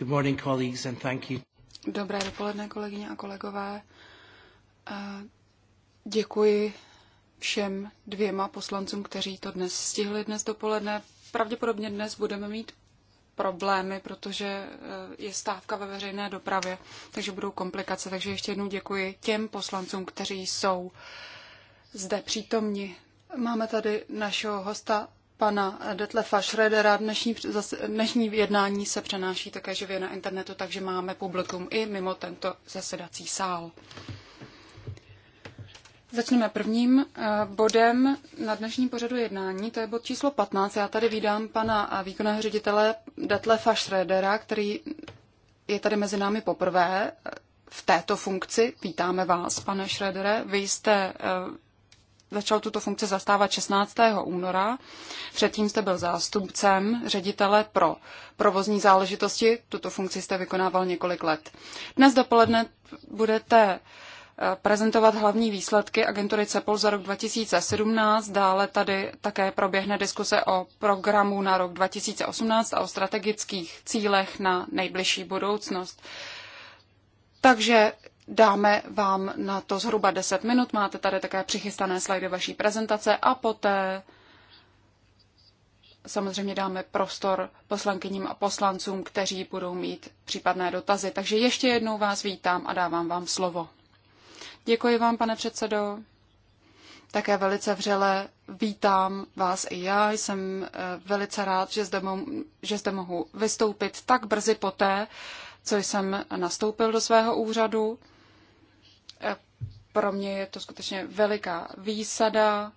Good morning, colleagues, and thank you. Dobré dopoledne, kolegyně a kolegové. Děkuji všem dvěma poslancům, kteří to dnes stihli dnes dopoledne. Pravděpodobně dnes budeme mít problémy, protože e, je stávka ve veřejné dopravě, takže budou komplikace. Takže ještě jednou děkuji těm poslancům, kteří jsou zde přítomni. Máme tady našeho hosta pana Detlefa Schredera. Dnešní, dnešní jednání se přenáší také živě na internetu, takže máme publikum i mimo tento zasedací sál. Začneme prvním eh, bodem na dnešním pořadu jednání, to je bod číslo 15. Já tady vídám pana výkonného ředitele Detlefa Schredera, který je tady mezi námi poprvé eh, v této funkci. Vítáme vás, pane Schredere. Vy jste eh, začal tuto funkci zastávat 16. února. Předtím jste byl zástupcem ředitele pro provozní záležitosti. Tuto funkci jste vykonával několik let. Dnes dopoledne budete eh, prezentovat hlavní výsledky agentury CEPOL za rok 2017. Dále tady také proběhne diskuse o programu na rok 2018 a o strategických cílech na nejbližší budoucnost. Takže Dáme vám na to zhruba 10 minut. Máte tady také přichystané slajdy vaší prezentace a poté samozřejmě dáme prostor poslankyním a poslancům, kteří budou mít případné dotazy. Takže ještě jednou vás vítám a dávám vám slovo. Děkuji vám, pane předsedo. Také velice vřele vítám vás i já. Jsem eh, velice rád, že zde, mohu, že zde mohu vystoupit tak brzy poté, co jsem nastoupil do svého úřadu. Pro mě je to skutečně veliká výsada,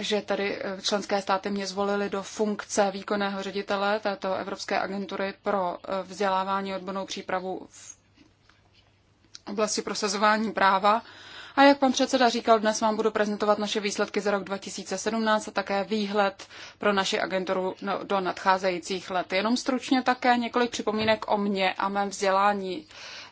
že tady eh, členské státy mě zvolili do funkce výkonného ředitele této Evropské agentury pro eh, vzdělávání odbornou přípravu v oblasti prosazování práva. A jak pan předseda říkal, dnes vám budu prezentovat naše výsledky za rok 2017 a také výhled pro naši agenturu no, do nadcházejících let. Jenom stručně také několik připomínek o mně a mém vzdělání.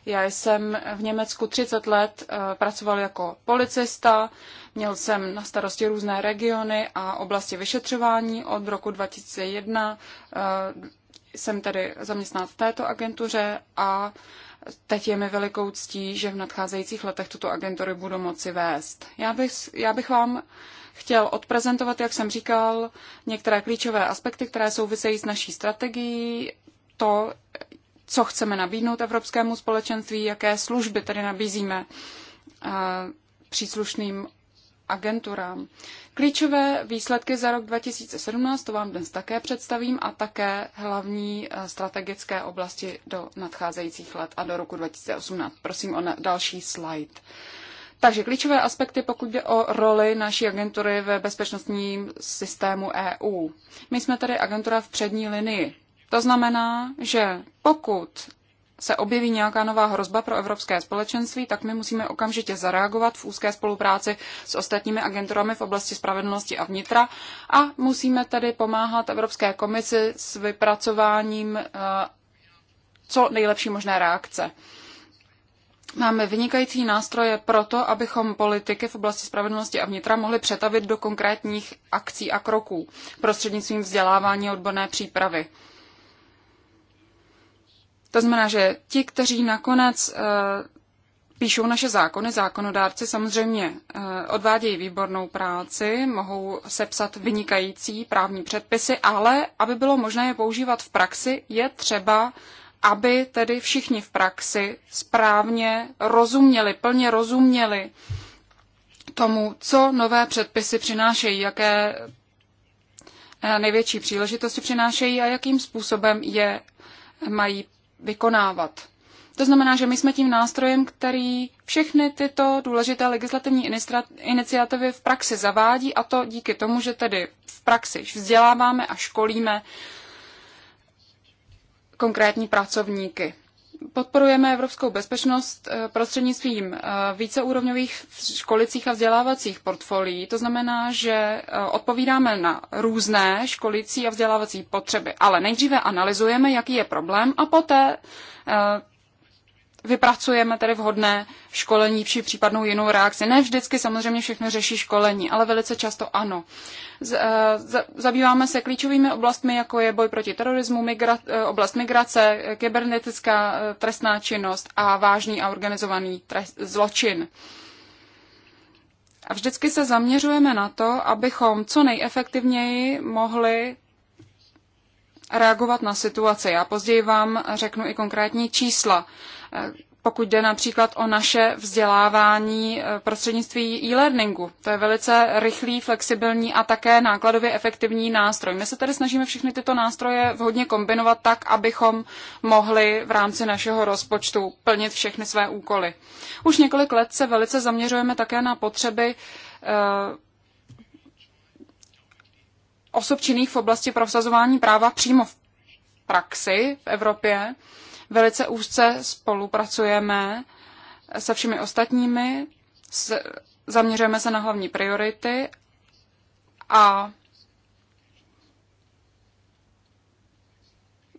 Já jsem v Německu 30 let eh, pracoval jako policista, měl jsem na starosti různé regiony a oblasti vyšetřování od roku 2001. Eh, jsem tedy zaměstnán v této agentuře a Teď je mi velikou ctí, že v nadcházejících letech tuto agenturu budu moci vést. Já bych, já bych vám chtěl odprezentovat, jak jsem říkal, některé klíčové aspekty, které souvisejí s naší strategií, to, co chceme nabídnout Evropskému společenství, jaké služby tedy nabízíme eh, příslušným agenturám. Klíčové výsledky za rok 2017 to vám dnes také představím a také hlavní eh, strategické oblasti do nadcházejících let a do roku 2018. Prosím o další slide. Takže klíčové aspekty, pokud jde o roli naší agentury ve bezpečnostním systému EU. My jsme tady agentura v přední linii to znamená, že pokud se objeví nějaká nová hrozba pro evropské společenství, tak my musíme okamžitě zareagovat v úzké spolupráci s ostatními agenturami v oblasti spravedlnosti a vnitra a musíme tedy pomáhat Evropské komisi s vypracováním eh, co nejlepší možné reakce. Máme vynikající nástroje pro to, abychom politiky v oblasti spravedlnosti a vnitra mohli přetavit do konkrétních akcí a kroků prostřednictvím vzdělávání odborné přípravy. To znamená, že ti, kteří nakonec eh, píšou naše zákony, zákonodárci samozřejmě eh, odvádějí výbornou práci, mohou sepsat vynikající právní předpisy, ale aby bylo možné je používat v praxi, je třeba, aby tedy všichni v praxi správně rozuměli, plně rozuměli tomu, co nové předpisy přinášejí, jaké eh, největší příležitosti přinášejí a jakým způsobem je mají vykonávat. To znamená, že my jsme tím nástrojem, který všechny tyto důležité legislativní iniciativy v praxi zavádí a to díky tomu, že tedy v praxi vzděláváme a školíme konkrétní pracovníky podporujeme evropskou bezpečnost eh, prostřednictvím eh, víceúrovňových školicích a vzdělávacích portfolií. To znamená, že eh, odpovídáme na různé školicí a vzdělávací potřeby, ale nejdříve analyzujeme, jaký je problém a poté vypracujeme tedy vhodné školení či případnou jinou reakci. Ne vždycky samozřejmě všechno řeší školení, ale velice často ano. Z, eh, z, zabýváme se klíčovými oblastmi, jako je boj proti terorismu, migra, eh, oblast migrace, eh, kybernetická trestná činnost a vážný a organizovaný trest, zločin. A vždycky se zaměřujeme na to, abychom co nejefektivněji mohli reagovat na situaci. Já později vám řeknu i konkrétní čísla. Eh, pokud jde například o naše vzdělávání eh, prostřednictví e-learningu. To je velice rychlý, flexibilní a také nákladově efektivní nástroj. My se tedy snažíme všechny tyto nástroje vhodně kombinovat tak, abychom mohli v rámci našeho rozpočtu plnit všechny své úkoly. Už několik let se velice zaměřujeme také na potřeby eh, osob činných v oblasti prosazování práva přímo v praxi v Evropě. Velice úzce spolupracujeme se všemi ostatními, se, zaměřujeme se na hlavní priority a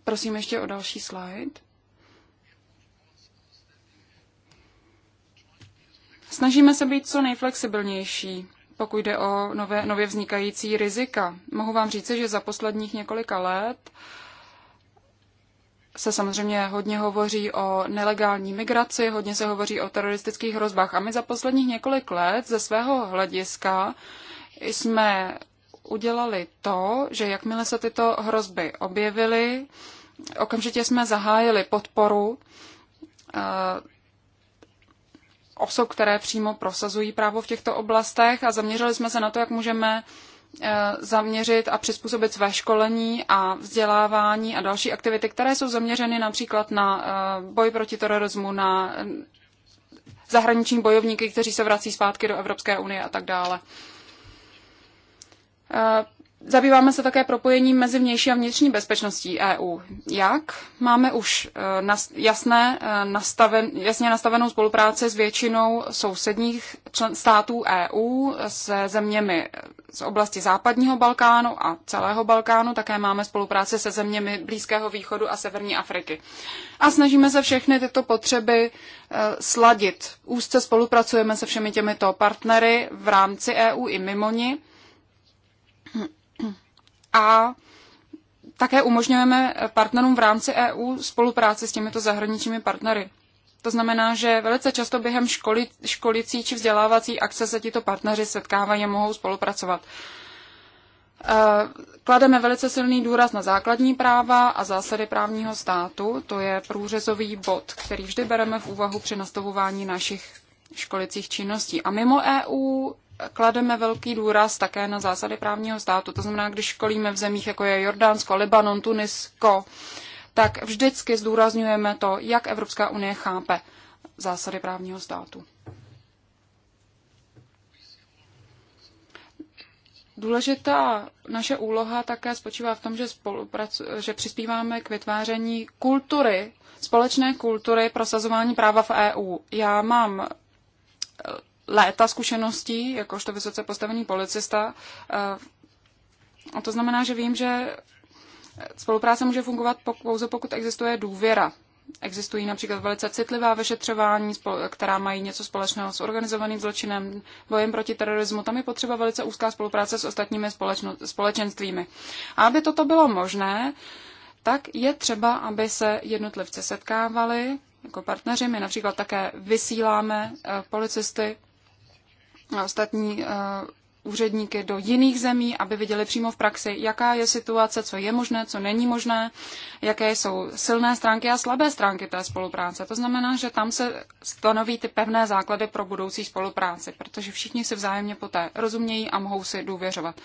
prosím ještě o další slide. Snažíme se být co nejflexibilnější, pokud jde o nové, nově vznikající rizika. Mohu vám říct, že za posledních několika let uh, se samozřejmě hodně hovoří o nelegální migraci, hodně se hovoří o teroristických hrozbách. A my za posledních několik let ze svého hlediska jsme udělali to, že jakmile se tyto hrozby objevily, okamžitě jsme zahájili podporu eh, osob, které přímo prosazují právo v těchto oblastech a zaměřili jsme se na to, jak můžeme Eh, zaměřit a přizpůsobit své školení a vzdělávání a další aktivity, které jsou zaměřeny například na eh, boj proti terorismu, na eh, zahraniční bojovníky, kteří se vrací zpátky do Evropské unie a tak dále. Zabýváme se také propojením mezi vnější a vnitřní bezpečností EU. Jak? Máme už eh, jasné, eh, nastaven, jasně nastavenou spolupráci s většinou sousedních člen, států EU, se zeměmi z oblasti západního Balkánu a celého Balkánu. Také máme spolupráci se zeměmi Blízkého východu a Severní Afriky. A snažíme se všechny tyto potřeby eh, sladit. Úzce spolupracujeme se všemi těmito partnery v rámci EU i mimo ní a také umožňujeme partnerům v rámci EU spolupráci s těmito zahraničními partnery. To znamená, že velice často během školi, školicí či vzdělávací akce se tito partneři setkávají a mohou spolupracovat. E, klademe velice silný důraz na základní práva a zásady právního státu. To je průřezový bod, který vždy bereme v úvahu při nastavování našich školicích činností. A mimo EU klademe velký důraz také na zásady právního státu. To znamená, když školíme v zemích, jako je Jordánsko, Libanon, Tunisko, tak vždycky zdůrazňujeme to, jak Evropská unie chápe zásady právního státu. Důležitá naše úloha také spočívá v tom, že, že přispíváme k vytváření kultury, společné kultury prosazování práva v EU. Já mám léta zkušeností, jakožto vysoce postavený policista. Eh, a to znamená, že vím, že spolupráce může fungovat pouze pokud existuje důvěra. Existují například velice citlivá vyšetřování, která mají něco společného s organizovaným zločinem, bojem proti terorismu. Tam je potřeba velice úzká spolupráce s ostatními společenstvími. A aby toto bylo možné, tak je třeba, aby se jednotlivci setkávali jako partneři. My například také vysíláme eh, policisty ostatní eh, úředníky do jiných zemí, aby viděli přímo v praxi, jaká je situace, co je možné, co není možné, jaké jsou silné stránky a slabé stránky té spolupráce. To znamená, že tam se stanoví ty pevné základy pro budoucí spolupráci, protože všichni si vzájemně poté rozumějí a mohou si důvěřovat.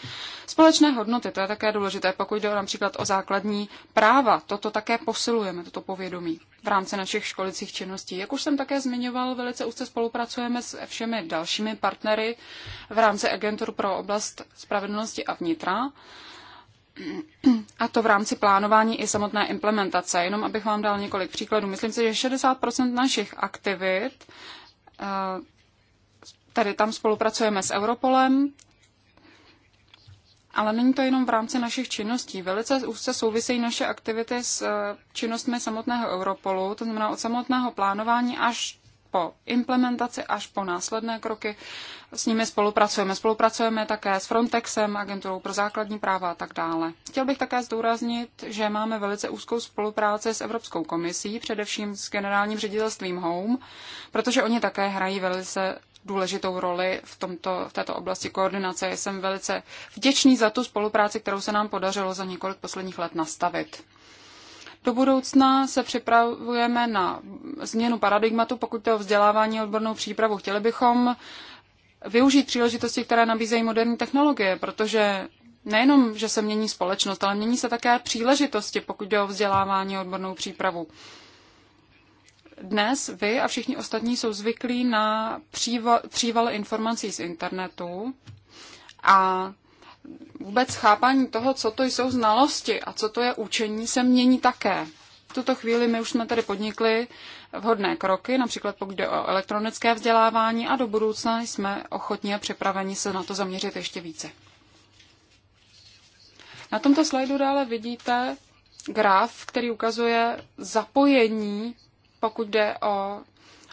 Společné hodnoty, to je také důležité, pokud jde například o základní práva, toto také posilujeme, toto povědomí v rámci našich školicích činností. Jak už jsem také zmiňoval, velice úzce spolupracujeme s všemi dalšími partnery v rámci Agentur pro oblast spravedlnosti a vnitra. A to v rámci plánování i samotné implementace. Jenom abych vám dal několik příkladů. Myslím si, že 60% našich aktivit eh, Tady tam spolupracujeme s Europolem, ale není to jenom v rámci našich činností. Velice úzce souvisejí naše aktivity s eh, činnostmi samotného Europolu, to znamená od samotného plánování až po implementaci až po následné kroky. S nimi spolupracujeme. Spolupracujeme také s Frontexem, agenturou pro základní práva a tak dále. Chtěl bych také zdůraznit, že máme velice úzkou spolupráci s Evropskou komisí, především s generálním ředitelstvím Home, protože oni také hrají velice důležitou roli v, tomto, v této oblasti koordinace. Jsem velice vděčný za tu spolupráci, kterou se nám podařilo za několik posledních let nastavit. Do budoucna se připravujeme na změnu paradigmatu, pokud to vzdělávání odbornou přípravu. Chtěli bychom využít příležitosti, které nabízejí moderní technologie, protože nejenom, že se mění společnost, ale mění se také příležitosti, pokud jde o vzdělávání odbornou přípravu. Dnes vy a všichni ostatní jsou zvyklí na příval, informací z internetu a vůbec chápání toho, co to jsou znalosti a co to je učení, se mění také. V tuto chvíli my už jsme tady podnikli vhodné kroky, například pokud jde o elektronické vzdělávání a do budoucna jsme ochotní a připraveni se na to zaměřit ještě více. Na tomto slajdu dále vidíte graf, který ukazuje zapojení pokud jde o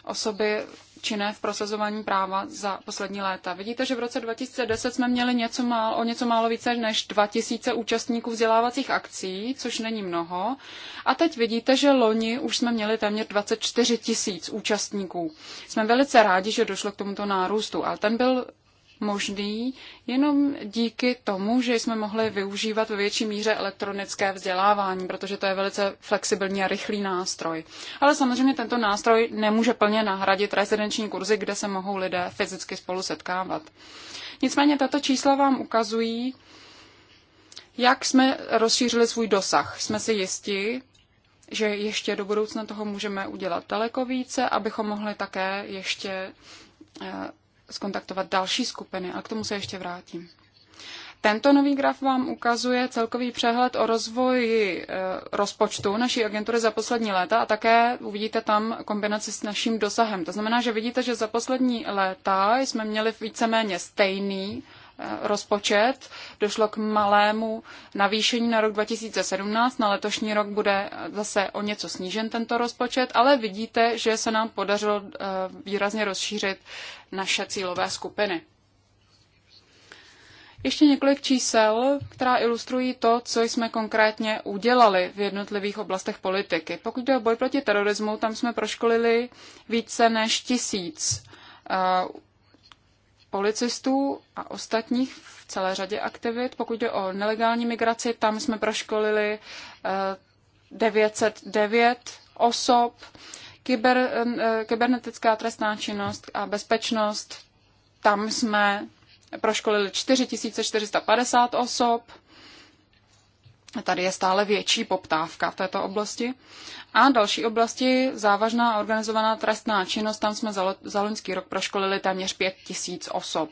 osoby činné v prosazování práva za poslední léta. Vidíte, že v roce 2010 jsme měli něco málo, o něco málo více než 2000 účastníků vzdělávacích akcí, což není mnoho. A teď vidíte, že loni už jsme měli téměř 24 tisíc účastníků. Jsme velice rádi, že došlo k tomuto nárůstu, ale ten byl možný jenom díky tomu, že jsme mohli využívat ve větší míře elektronické vzdělávání, protože to je velice flexibilní a rychlý nástroj. Ale samozřejmě tento nástroj nemůže plně nahradit rezidenční kurzy, kde se mohou lidé fyzicky spolu setkávat. Nicméně tato čísla vám ukazují, jak jsme rozšířili svůj dosah. Jsme si jisti, že ještě do budoucna toho můžeme udělat daleko více, abychom mohli také ještě eh, skontaktovat další skupiny, a k tomu se ještě vrátím. Tento nový graf vám ukazuje celkový přehled o rozvoji e, rozpočtu naší agentury za poslední léta a také uvidíte tam kombinaci s naším dosahem. To znamená, že vidíte, že za poslední léta jsme měli víceméně stejný rozpočet. Došlo k malému navýšení na rok 2017, na letošní rok bude zase o něco snížen tento rozpočet, ale vidíte, že se nám podařilo eh, výrazně rozšířit naše cílové skupiny. Ještě několik čísel, která ilustrují to, co jsme konkrétně udělali v jednotlivých oblastech politiky. Pokud jde o boj proti terorismu, tam jsme proškolili více než tisíc eh, policistů a ostatních v celé řadě aktivit. Pokud jde o nelegální migraci, tam jsme proškolili 909 eh, osob. Kyber, eh, kybernetická trestná činnost a bezpečnost, tam jsme proškolili 4450 osob. Tady je stále větší poptávka v této oblasti. A další oblasti, závažná organizovaná trestná činnost, tam jsme za, za loňský rok proškolili téměř pět tisíc osob.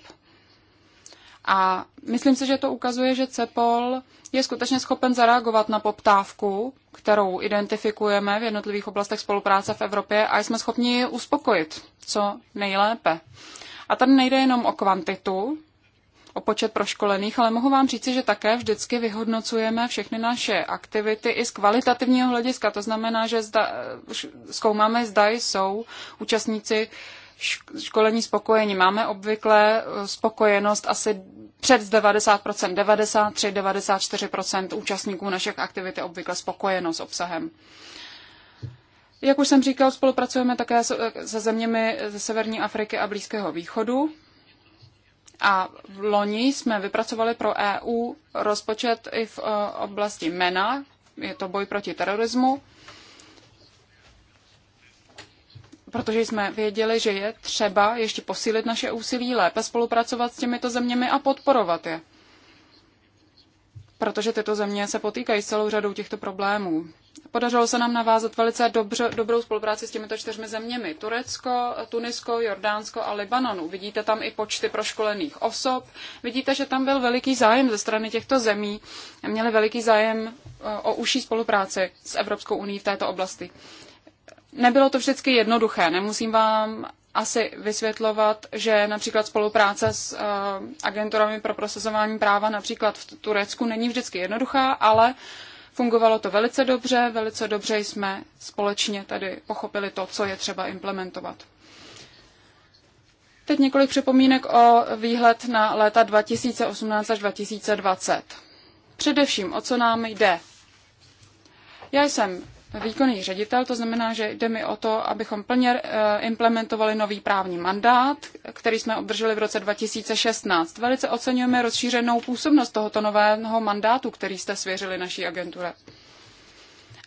A myslím si, že to ukazuje, že CEPOL je skutečně schopen zareagovat na poptávku, kterou identifikujeme v jednotlivých oblastech spolupráce v Evropě a jsme schopni ji uspokojit co nejlépe. A tady nejde jenom o kvantitu, o počet proškolených, ale mohu vám říci, že také vždycky vyhodnocujeme všechny naše aktivity i z kvalitativního hlediska. To znamená, že zda, zkoumáme, zda jsou účastníci školení spokojení. Máme obvykle eh, spokojenost asi před 90%, 93, 94% účastníků našich aktivit je obvykle spokojeno s obsahem. Jak už jsem říkal, spolupracujeme také eh, se zeměmi ze Severní Afriky a Blízkého východu. A v loni jsme vypracovali pro EU rozpočet i v e, oblasti MENA, je to boj proti terorismu, protože jsme věděli, že je třeba ještě posílit naše úsilí, lépe spolupracovat s těmito zeměmi a podporovat je. Protože tyto země se potýkají s celou řadou těchto problémů. Podařilo se nám navázat velice dobře, dobrou spolupráci s těmito čtyřmi zeměmi. Turecko, Tunisko, Jordánsko a Libanonu. Vidíte tam i počty proškolených osob. Vidíte, že tam byl veliký zájem ze strany těchto zemí. Měli veliký zájem eh, o užší spolupráci s Evropskou uní v této oblasti. Nebylo to vždycky jednoduché. Nemusím vám asi vysvětlovat, že například spolupráce s eh, agenturami pro prosazování práva například v Turecku není vždycky jednoduchá, ale Fungovalo to velice dobře, velice dobře jsme společně tady pochopili to, co je třeba implementovat. Teď několik připomínek o výhled na léta 2018 až 2020. Především, o co nám jde. Já jsem výkonný ředitel, to znamená, že jde mi o to, abychom plně eh, implementovali nový právní mandát, který jsme obdrželi v roce 2016. Velice oceňujeme rozšířenou působnost tohoto nového mandátu, který jste svěřili naší agentuře.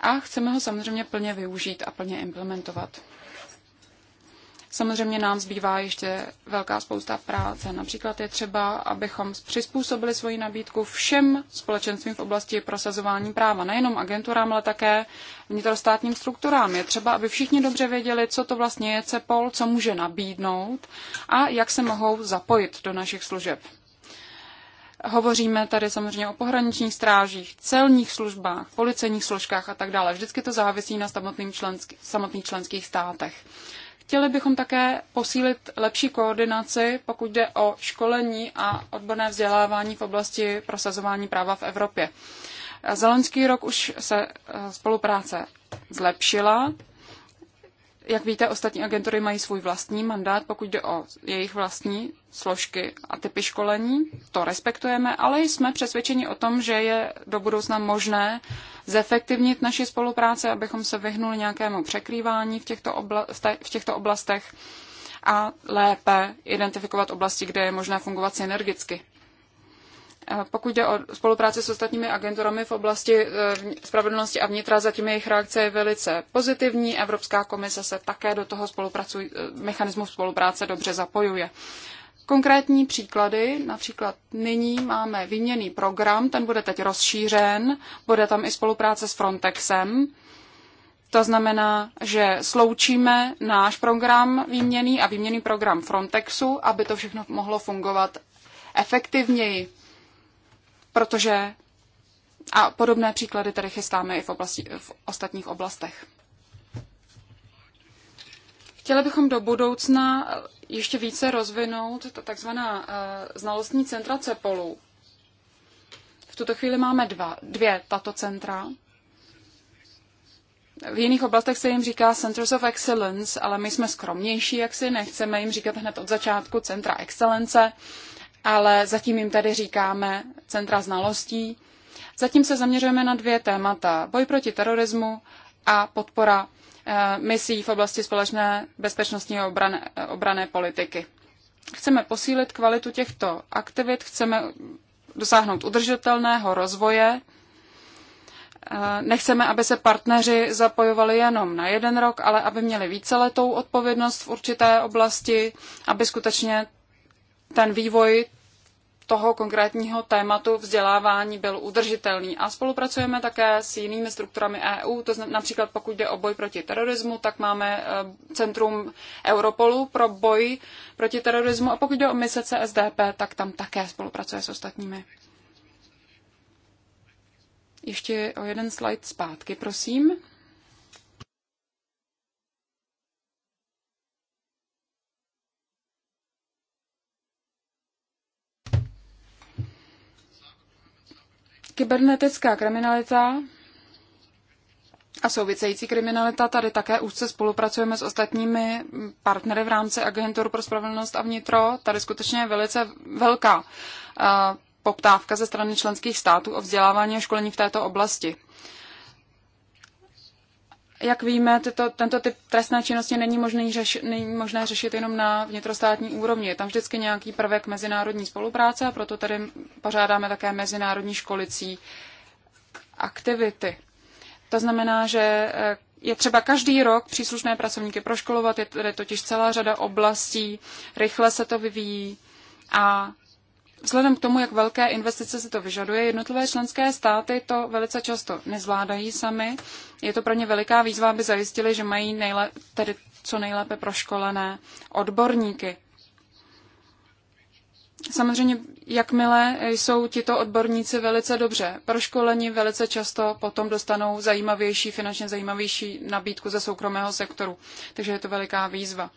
A chceme ho samozřejmě plně využít a plně implementovat. Samozřejmě nám zbývá ještě velká spousta práce. Například je třeba, abychom přizpůsobili svoji nabídku všem společenstvím v oblasti prosazování práva, nejenom agenturám, ale také vnitrostátním strukturám. Je třeba, aby všichni dobře věděli, co to vlastně je CEPOL, co může nabídnout a jak se mohou zapojit do našich služeb. Hovoříme tady samozřejmě o pohraničních strážích, celních službách, policejních složkách a tak dále. Vždycky to závisí na samotných členských státech. Chtěli bychom také posílit lepší koordinaci, pokud jde o školení a odborné vzdělávání v oblasti prosazování práva v Evropě. Za loňský rok už se eh, spolupráce zlepšila, jak víte, ostatní agentury mají svůj vlastní mandát, pokud jde o jejich vlastní složky a typy školení. To respektujeme, ale jsme přesvědčeni o tom, že je do budoucna možné zefektivnit naši spolupráci, abychom se vyhnuli nějakému překrývání v těchto, obla- v těchto oblastech a lépe identifikovat oblasti, kde je možné fungovat synergicky. Pokud jde o spolupráci s ostatními agenturami v oblasti eh, spravedlnosti a vnitra, zatím jejich reakce je velice pozitivní. Evropská komise se také do toho eh, mechanismu spolupráce dobře zapojuje. Konkrétní příklady, například nyní máme výměný program, ten bude teď rozšířen, bude tam i spolupráce s Frontexem. To znamená, že sloučíme náš program výměný a výměný program Frontexu, aby to všechno mohlo fungovat efektivněji protože a podobné příklady tady chystáme i v, oblasti, v ostatních oblastech. Chtěli bychom do budoucna ještě více rozvinout takzvaná eh, znalostní centra CEPOLu. V tuto chvíli máme dva, dvě tato centra. V jiných oblastech se jim říká Centers of Excellence, ale my jsme skromnější, jak si nechceme jim říkat hned od začátku Centra excellence. Uh, ale zatím jim tady říkáme centra znalostí. Zatím se zaměřujeme na dvě témata. Boj proti terorismu a podpora eh, misí v oblasti společné bezpečnostní a obrané, obrané politiky. Chceme posílit kvalitu těchto aktivit, chceme dosáhnout udržitelného rozvoje. Eh, nechceme, aby se partneři zapojovali jenom na jeden rok, ale aby měli víceletou odpovědnost v určité oblasti, aby skutečně ten vývoj toho konkrétního tématu vzdělávání byl udržitelný. A spolupracujeme také s jinými strukturami EU, to znamená, například pokud jde o boj proti terorismu, tak máme eh, Centrum Europolu pro boj proti terorismu a pokud jde o mise CSDP, tak tam také spolupracuje s ostatními. Ještě o jeden slide zpátky, prosím. Kybernetická kriminalita a související kriminalita. Tady také úzce spolupracujeme s ostatními partnery v rámci Agentur pro spravedlnost a vnitro. Tady skutečně je velice velká eh, poptávka ze strany členských států o vzdělávání a školení v této oblasti. Jak víme, tyto, tento typ trestné činnosti není, možný řeši, není možné řešit jenom na vnitrostátní úrovni. Je tam vždycky nějaký prvek mezinárodní spolupráce a proto tady pořádáme také mezinárodní školicí aktivity. To znamená, že eh, je třeba každý rok příslušné pracovníky proškolovat, je tady totiž celá řada oblastí, rychle se to vyvíjí a Vzhledem k tomu, jak velké investice se to vyžaduje, jednotlivé členské státy to velice často nezvládají sami. Je to pro ně veliká výzva, aby zajistili, že mají nejle- tedy co nejlépe proškolené odborníky. Samozřejmě, jakmile jsou tito odborníci velice dobře proškoleni, velice často potom dostanou zajímavější, finančně zajímavější nabídku ze soukromého sektoru. Takže je to veliká výzva.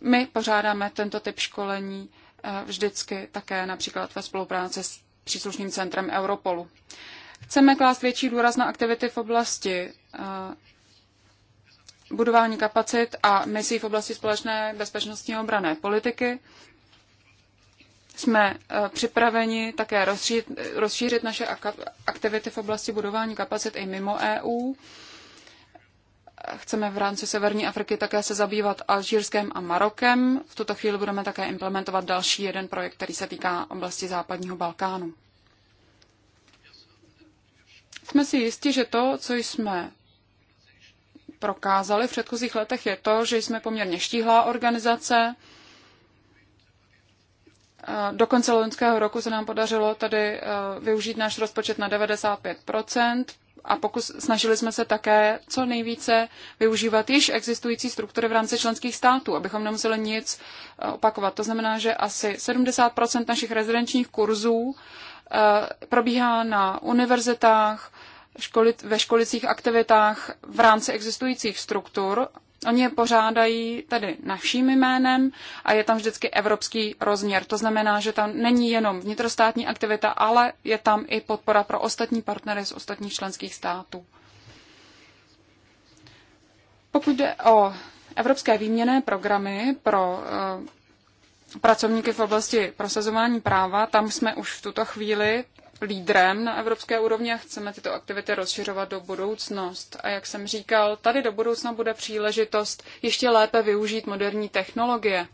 My pořádáme tento typ školení Eh, vždycky také například ve spolupráci s příslušným centrem Europolu. Chceme klást větší důraz na aktivity v oblasti eh, budování kapacit a misí v oblasti společné bezpečnostní obrané politiky. Jsme eh, připraveni také rozšířit, rozšířit naše aktivity v oblasti budování kapacit i mimo EU chceme v rámci Severní Afriky také se zabývat Alžírskem a Marokem. V tuto chvíli budeme také implementovat další jeden projekt, který se týká oblasti západního Balkánu. Jsme si jisti, že to, co jsme prokázali v předchozích letech, je to, že jsme poměrně štíhlá organizace. Do konce loňského roku se nám podařilo tady eh, využít náš rozpočet na 95 a pokus, snažili jsme se také co nejvíce využívat již existující struktury v rámci členských států, abychom nemuseli nic eh, opakovat. To znamená, že asi 70 našich rezidenčních kurzů eh, probíhá na univerzitách, školit, ve školicích aktivitách v rámci existujících struktur Oni je pořádají tedy naším jménem a je tam vždycky evropský rozměr. To znamená, že tam není jenom vnitrostátní aktivita, ale je tam i podpora pro ostatní partnery z ostatních členských států. Pokud jde o evropské výměné programy pro eh, pracovníky v oblasti prosazování práva. Tam jsme už v tuto chvíli lídrem na evropské úrovni a chceme tyto aktivity rozšiřovat do budoucnost. A jak jsem říkal, tady do budoucna bude příležitost ještě lépe využít moderní technologie.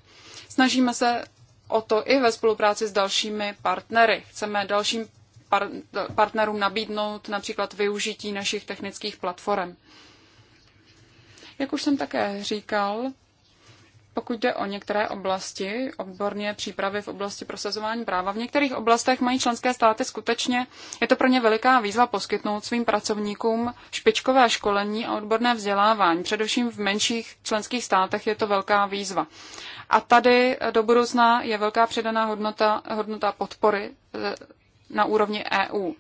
Snažíme se o to i ve spolupráci s dalšími partnery. Chceme dalším par- partnerům nabídnout například využití našich technických platform. Jak už jsem také říkal, pokud jde o některé oblasti, odborně přípravy v oblasti prosazování práva, v některých oblastech mají členské státy skutečně, je to pro ně veliká výzva poskytnout svým pracovníkům špičkové školení a odborné vzdělávání. Především v menších členských státech je to velká výzva. A tady do budoucna je velká přidaná hodnota, hodnota podpory eh, na úrovni EU.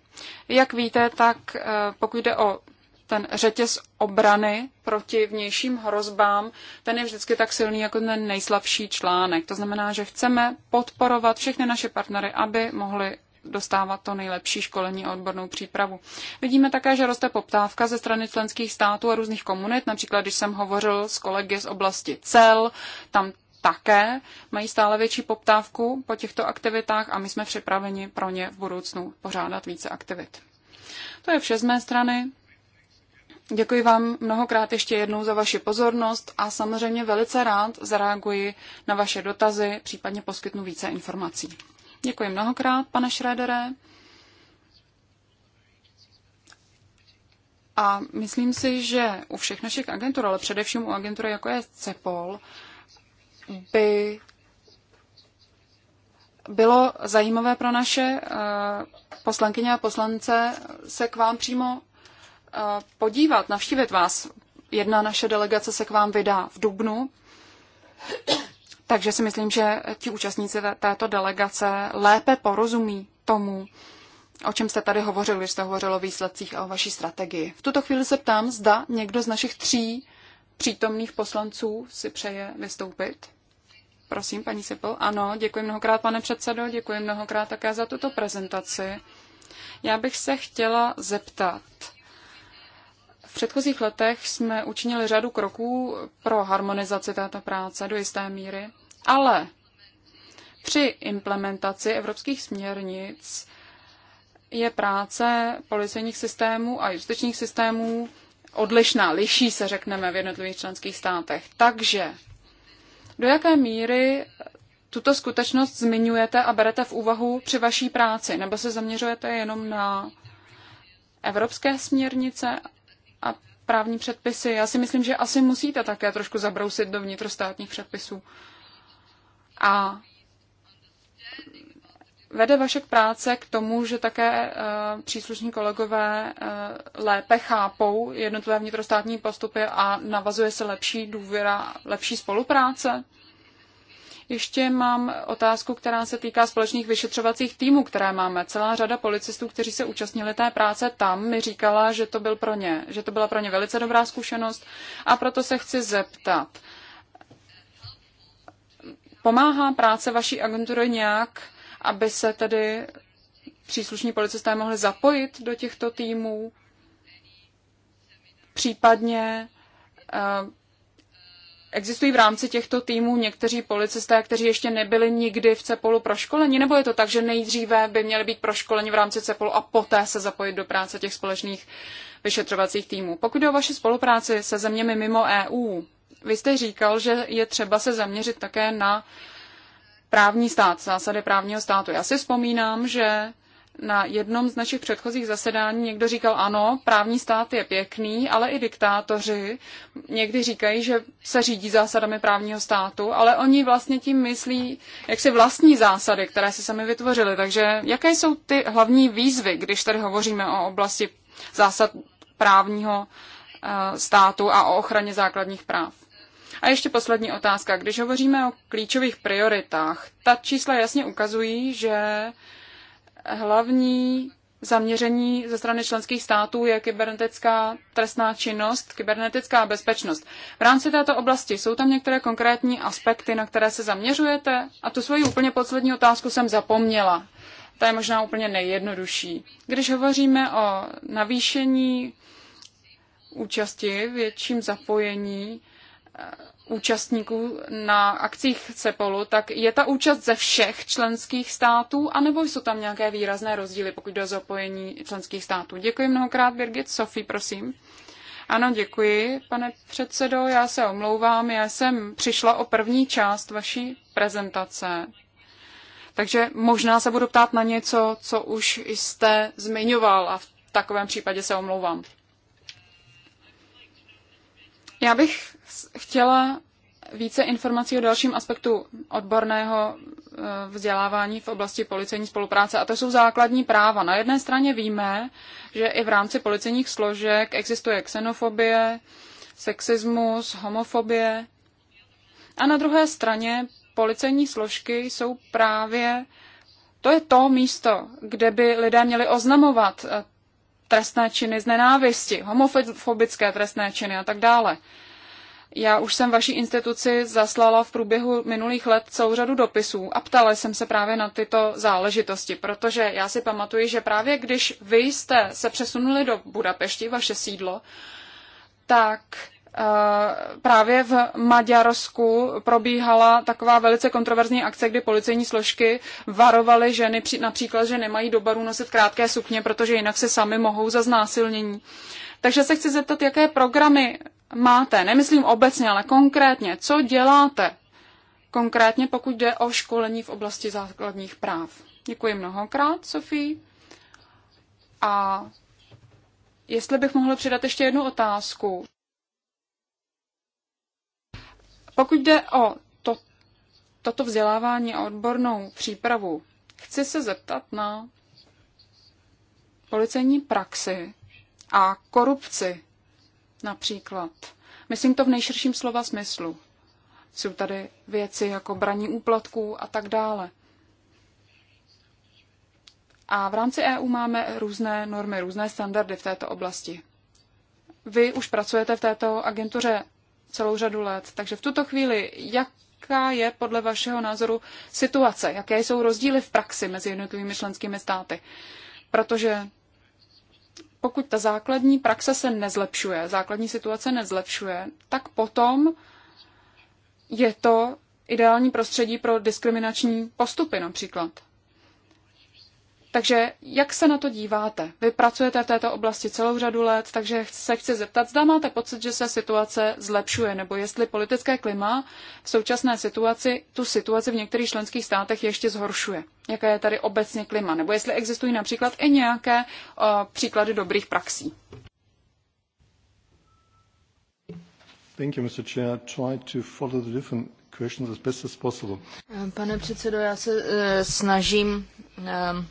Jak víte, tak eh, pokud jde o ten řetěz obrany proti vnějším hrozbám, ten je vždycky tak silný jako ten nejslabší článek. To znamená, že chceme podporovat všechny naše partnery, aby mohli dostávat to nejlepší školení a odbornou přípravu. Vidíme také, že roste poptávka ze strany členských států a různých komunit. Například, když jsem hovořil s kolegy z oblasti cel, tam také mají stále větší poptávku po těchto aktivitách a my jsme připraveni pro ně v budoucnu pořádat více aktivit. To je vše z mé strany. Děkuji vám mnohokrát ještě jednou za vaši pozornost a samozřejmě velice rád zareaguji na vaše dotazy, případně poskytnu více informací. Děkuji mnohokrát, pane Šredere. A myslím si, že u všech našich agentur, ale především u agentury, jako je CEPOL, by bylo zajímavé pro naše eh, poslankyně a poslance se k vám přímo podívat, navštívit vás. Jedna naše delegace se k vám vydá v Dubnu, takže si myslím, že ti účastníci této delegace lépe porozumí tomu, o čem jste tady hovořil, když jste hovořil o výsledcích a o vaší strategii. V tuto chvíli se ptám, zda někdo z našich tří přítomných poslanců si přeje vystoupit. Prosím, paní Sipl. Ano, děkuji mnohokrát, pane předsedo, děkuji mnohokrát také za tuto prezentaci. Já bych se chtěla zeptat předchozích letech jsme učinili řadu kroků pro harmonizaci této práce do jisté míry, ale při implementaci evropských směrnic je práce policejních systémů a justičních systémů odlišná, liší se, řekneme, v jednotlivých členských státech. Takže do jaké míry tuto skutečnost zmiňujete a berete v úvahu při vaší práci, nebo se zaměřujete jenom na evropské směrnice a právní předpisy. Já si myslím, že asi musíte také trošku zabrousit do vnitrostátních předpisů. A vede vaše práce k tomu, že také uh, příslušní kolegové uh, lépe chápou jednotlivé vnitrostátní postupy a navazuje se lepší důvěra, lepší spolupráce? Ještě mám otázku, která se týká společných vyšetřovacích týmů, které máme. Celá řada policistů, kteří se účastnili té práce tam, mi říkala, že to, byl pro ně, že to byla pro ně velice dobrá zkušenost a proto se chci zeptat. Pomáhá práce vaší agentury nějak, aby se tedy příslušní policisté mohli zapojit do těchto týmů, případně eh, Existují v rámci těchto týmů někteří policisté, kteří ještě nebyli nikdy v CEPOLu proškoleni, nebo je to tak, že nejdříve by měli být proškoleni v rámci CEPOLu a poté se zapojit do práce těch společných vyšetřovacích týmů? Pokud jde o vaši spolupráci se zeměmi mimo EU, vy jste říkal, že je třeba se zaměřit také na právní stát, zásady právního státu. Já si vzpomínám, že na jednom z našich předchozích zasedání někdo říkal, ano, právní stát je pěkný, ale i diktátoři někdy říkají, že se řídí zásadami právního státu, ale oni vlastně tím myslí, jak si vlastní zásady, které si sami vytvořili. Takže jaké jsou ty hlavní výzvy, když tady hovoříme o oblasti zásad právního eh, státu a o ochraně základních práv? A ještě poslední otázka. Když hovoříme o klíčových prioritách, ta čísla jasně ukazují, že hlavní zaměření ze strany členských států je kybernetická trestná činnost, kybernetická bezpečnost. V rámci této oblasti jsou tam některé konkrétní aspekty, na které se zaměřujete? A tu svoji úplně poslední otázku jsem zapomněla. Ta je možná úplně nejjednodušší. Když hovoříme o navýšení účasti, větším zapojení, účastníků na akcích CEPOLu, tak je ta účast ze všech členských států, anebo jsou tam nějaké výrazné rozdíly, pokud jde o zapojení členských států? Děkuji mnohokrát, Birgit. Sofie, prosím. Ano, děkuji, pane předsedo. Já se omlouvám, já jsem přišla o první část vaší prezentace. Takže možná se budu ptát na něco, co už jste zmiňoval a v takovém případě se omlouvám. Já bych chtěla více informací o dalším aspektu odborného e, vzdělávání v oblasti policejní spolupráce. A to jsou základní práva. Na jedné straně víme, že i v rámci policejních složek existuje xenofobie, sexismus, homofobie. A na druhé straně policejní složky jsou právě to je to místo, kde by lidé měli oznamovat e, trestné činy z nenávisti, homofobické trestné činy a tak dále. Já už jsem vaší instituci zaslala v průběhu minulých let celou řadu dopisů a ptala jsem se právě na tyto záležitosti, protože já si pamatuji, že právě když vy jste se přesunuli do Budapešti, vaše sídlo, tak eh, právě v Maďarsku probíhala taková velice kontroverzní akce, kdy policejní složky varovaly ženy například, že nemají do baru nosit krátké sukně, protože jinak se sami mohou za znásilnění. Takže se chci zeptat, jaké programy máte, nemyslím obecně, ale konkrétně, co děláte konkrétně, pokud jde o školení v oblasti základních práv. Děkuji mnohokrát, Sofie. A jestli bych mohla přidat ještě jednu otázku. Pokud jde o to, toto vzdělávání a odbornou přípravu, chci se zeptat na policejní praxi a korupci Například, myslím to v nejširším slova smyslu. Jsou tady věci jako braní úplatků a tak dále. A v rámci EU máme různé normy, různé standardy v této oblasti. Vy už pracujete v této agentuře celou řadu let, takže v tuto chvíli, jaká je podle vašeho názoru situace, jaké jsou rozdíly v praxi mezi jednotlivými členskými státy? Protože pokud ta základní praxe se nezlepšuje, základní situace nezlepšuje, tak potom je to ideální prostředí pro diskriminační postupy například. Takže jak se na to díváte? Vy pracujete v této oblasti celou řadu let, takže se chci zeptat, zda máte pocit, že se situace zlepšuje, nebo jestli politické klima v současné situaci tu situaci v některých členských státech ještě zhoršuje. Jaké je tady obecně klima, nebo jestli existují například i nějaké uh, příklady dobrých praxí. Thank you, Mr. Chair. Try to follow the different questions as best as possible. Pane předsedo, já se uh, snažím eh,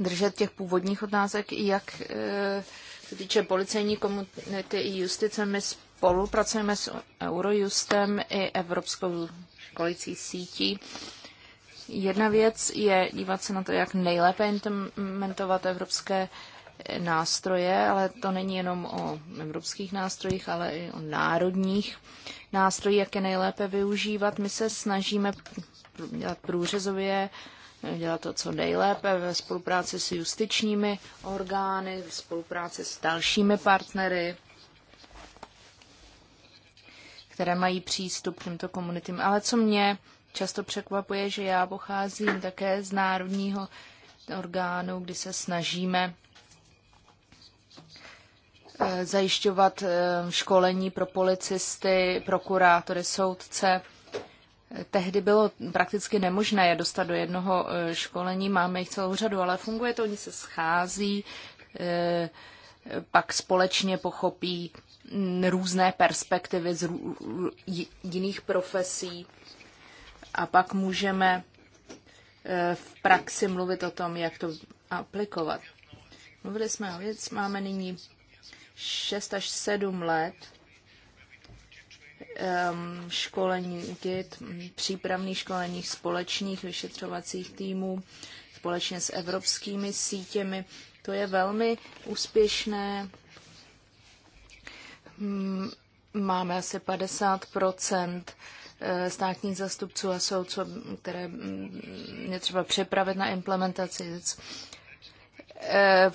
držet těch původních otázek, jak eh, se týče policejní komunity i justice. My spolupracujeme s Eurojustem i Evropskou školicí sítí. Jedna věc je dívat se na to, jak nejlépe implementovat evropské nástroje, ale to není jenom o evropských nástrojích, ale i o národních nástrojích, jak je nejlépe využívat. My se snažíme dělat průřezově dělat to, co nejlépe ve spolupráci s justičními orgány, ve spolupráci s dalšími partnery, které mají přístup k těmto komunitám. Ale co mě často překvapuje, že já pocházím také z národního orgánu, kdy se snažíme eh, zajišťovat eh, školení pro policisty, prokurátory, soudce, tehdy bylo prakticky nemožné je dostat do jednoho e, školení, máme jich celou řadu, ale funguje to, oni se schází, e, pak společně pochopí různé perspektivy z jiných profesí a pak můžeme e, v praxi mluvit o tom, jak to aplikovat. Mluvili jsme o věc, máme nyní 6 až 7 let Ehm, školení dět, přípravných školeních společných vyšetřovacích týmů společně s evropskými sítěmi. To je velmi úspěšné. Hmm, máme asi 50 eh, státních zastupců a soudců, které mm, je třeba přepravit na implementaci. Eh,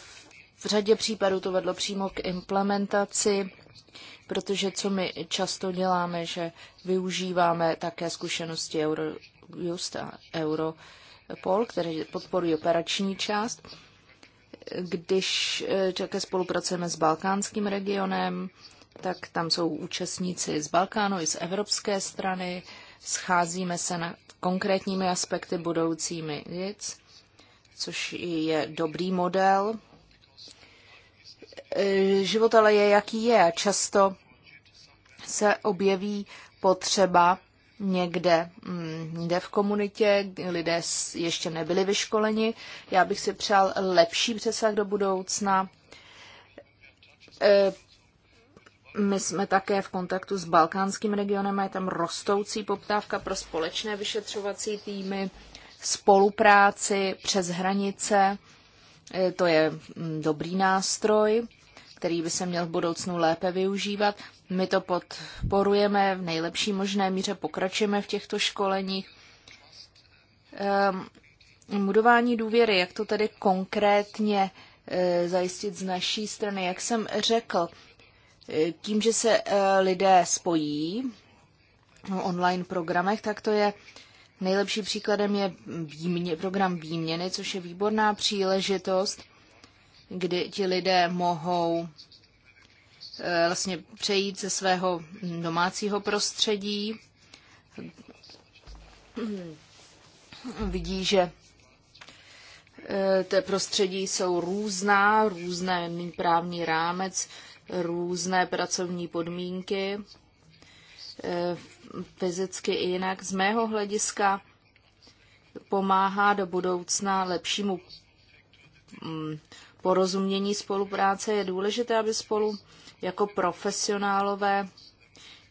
v řadě případů to vedlo přímo k implementaci Protože co my často děláme, že využíváme také zkušenosti Eurojust a Europol, které podporují operační část, když eh, také spolupracujeme s balkánským regionem, tak tam jsou účastníci z Balkánu i z evropské strany. Scházíme se na konkrétními aspekty budoucími věc, což je dobrý model. E, život ale je, jaký je a často se objeví potřeba někde, mm, někde v komunitě, lidé ještě nebyli vyškoleni. Já bych si přál lepší přesah do budoucna. E, my jsme také v kontaktu s balkánským regionem a je tam rostoucí poptávka pro společné vyšetřovací týmy, spolupráci přes hranice. E, to je mm, dobrý nástroj který by se měl v budoucnu lépe využívat. My to podporujeme v nejlepší možné míře, pokračujeme v těchto školeních. Um, budování důvěry, jak to tedy konkrétně e, zajistit z naší strany. Jak jsem řekl, e, tím, že se e, lidé spojí v online programech, tak to je nejlepší příkladem je výmě, program výměny, což je výborná příležitost kdy ti lidé mohou eh, vlastně přejít ze svého domácího prostředí. Vidí, že eh, ty prostředí jsou různá, různé právní rámec, různé pracovní podmínky, eh, fyzicky i jinak. Z mého hlediska pomáhá do budoucna lepšímu mm, porozumění spolupráce je důležité, aby spolu jako profesionálové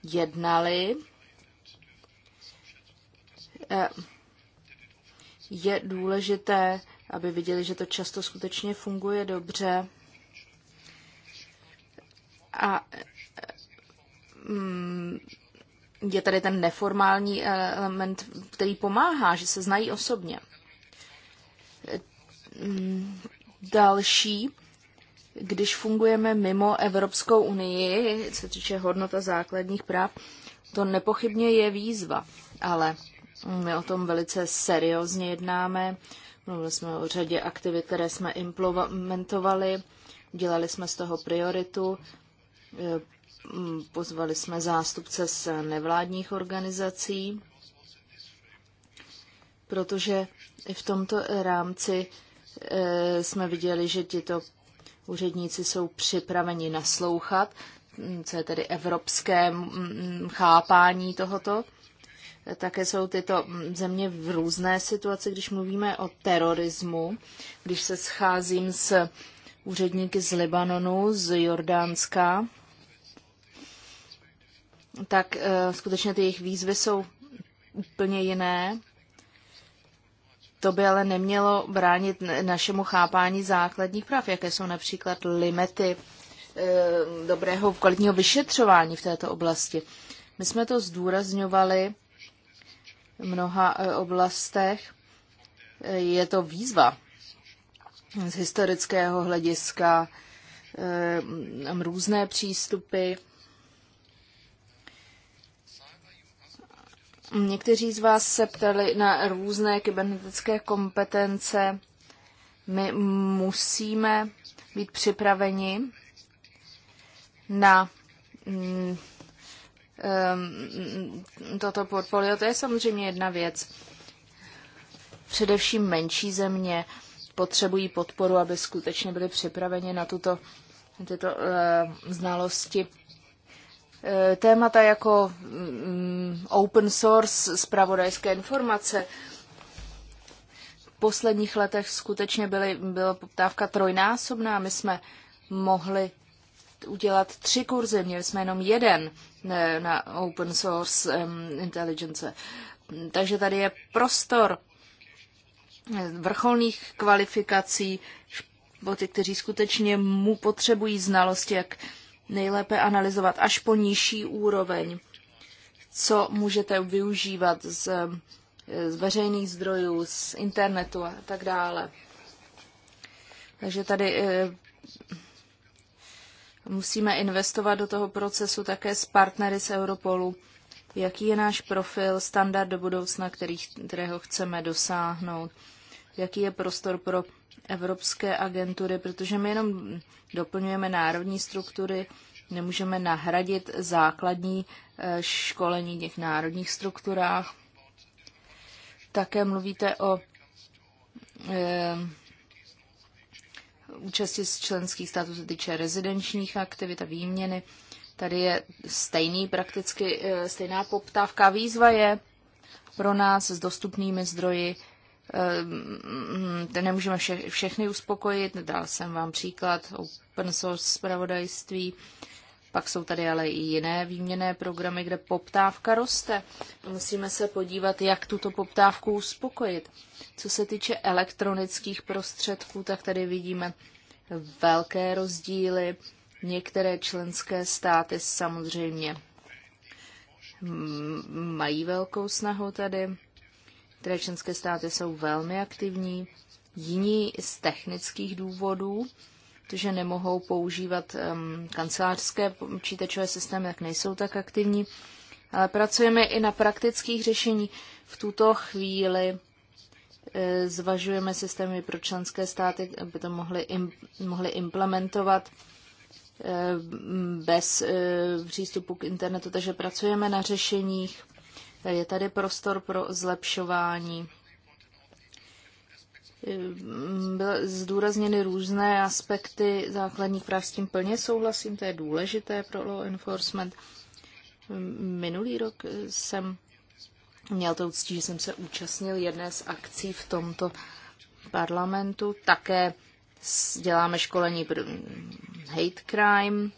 jednali. Eh, je důležité, aby viděli, že to často skutečně funguje dobře. A eh, mm, je tady ten neformální element, který pomáhá, že se znají osobně eh, mm, Další, když fungujeme mimo Evropskou unii, co týče hodnota základních práv, to nepochybně je výzva, ale my o tom velice seriózně jednáme. Mluvili jsme o řadě aktivit, které jsme implementovali, dělali jsme z toho prioritu, pozvali jsme zástupce z nevládních organizací, protože i v tomto rámci Eh, jsme viděli, že tito úředníci jsou připraveni naslouchat, hm, co je tedy evropské hm, hm, chápání tohoto. Eh, také jsou tyto země v různé situaci, když mluvíme o terorismu, když se scházím s úředníky z Libanonu, z Jordánska, tak eh, skutečně ty jejich výzvy jsou úplně jiné. To by ale nemělo bránit našemu chápání základních práv, jaké jsou například limity eh, dobrého kvalitního vyšetřování v této oblasti. My jsme to zdůrazňovali v mnoha eh, oblastech. Eh, je to výzva z historického hlediska, různé přístupy, Někteří z vás se ptali na různé kybernetické kompetence. My musíme být připraveni na mm, mm, toto portfolio. To je samozřejmě jedna věc. Především menší země potřebují podporu, aby skutečně byly připraveni na tuto, tyto eh, znalosti Eh, témata jako mm, open source, zpravodajské informace, v posledních letech skutečně byly, byla poptávka trojnásobná. My jsme mohli udělat tři kurzy, měli jsme jenom jeden eh, na open source intelligence. Takže tady je prostor eh, vrcholných kvalifikací, pro ty, kteří skutečně mu potřebují znalosti, jak nejlépe analyzovat až po nižší úroveň, co můžete využívat z, z veřejných zdrojů, z internetu a tak dále. Takže tady eh, musíme investovat do toho procesu také s partnery z Europolu. Jaký je náš profil, standard do budoucna, který, kterého chceme dosáhnout? Jaký je prostor pro Evropské agentury, protože my jenom doplňujeme národní struktury, nemůžeme nahradit základní eh, školení těch národních strukturách. Také mluvíte o e, účasti z členských států se týče rezidenčních aktivit a výměny. Tady je stejný, prakticky eh, stejná poptávka. Výzva je pro nás s dostupnými zdroji Ehm, mm, nemůžeme vše, všechny uspokojit. Dal jsem vám příklad open source spravodajství. Pak jsou tady ale i jiné výměné programy, kde poptávka roste. Musíme se podívat, jak tuto poptávku uspokojit. Co se týče elektronických prostředků, tak tady vidíme velké rozdíly. Některé členské státy samozřejmě mají velkou snahu tady které členské státy jsou velmi aktivní, jiní z technických důvodů, protože nemohou používat um, kancelářské počítačové systémy, tak nejsou tak aktivní. Ale pracujeme i na praktických řešení. V tuto chvíli e, zvažujeme systémy pro členské státy, aby to mohly, im, mohly implementovat e, bez e, přístupu k internetu, takže pracujeme na řešeních je tady prostor pro zlepšování. Byly zdůrazněny různé aspekty základních práv, s tím plně souhlasím, to je důležité pro law enforcement. Minulý rok jsem měl to úctí, že jsem se účastnil jedné z akcí v tomto parlamentu. Také děláme školení pro hate crime,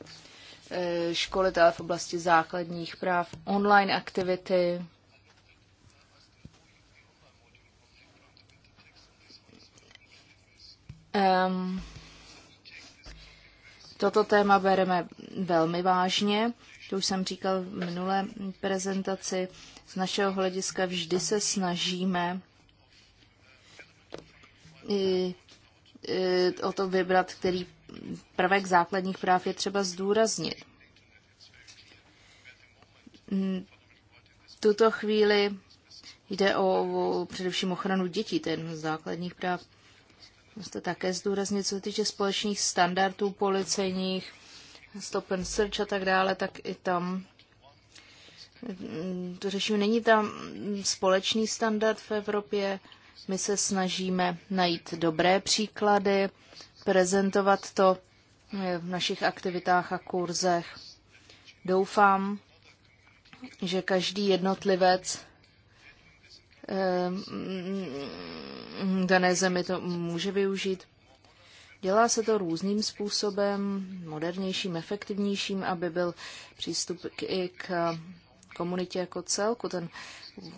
eh, školitele v oblasti základních práv, online aktivity, Um, toto téma bereme velmi vážně. To už jsem říkal v minulé prezentaci. Z našeho hlediska vždy se snažíme i, i o to vybrat, který prvek základních práv je třeba zdůraznit. V tuto chvíli jde o, o především ochranu dětí, ten z základních práv jste také zdůraznit, co se týče společných standardů policejních, stop and search a tak dále, tak i tam to řešíme. Není tam společný standard v Evropě, my se snažíme najít dobré příklady, prezentovat to v našich aktivitách a kurzech. Doufám, že každý jednotlivec Ehm, mm, dané zemi to může využít. Dělá se to různým způsobem, modernějším, efektivnějším, aby byl přístup k, i k komunitě jako celku. Ten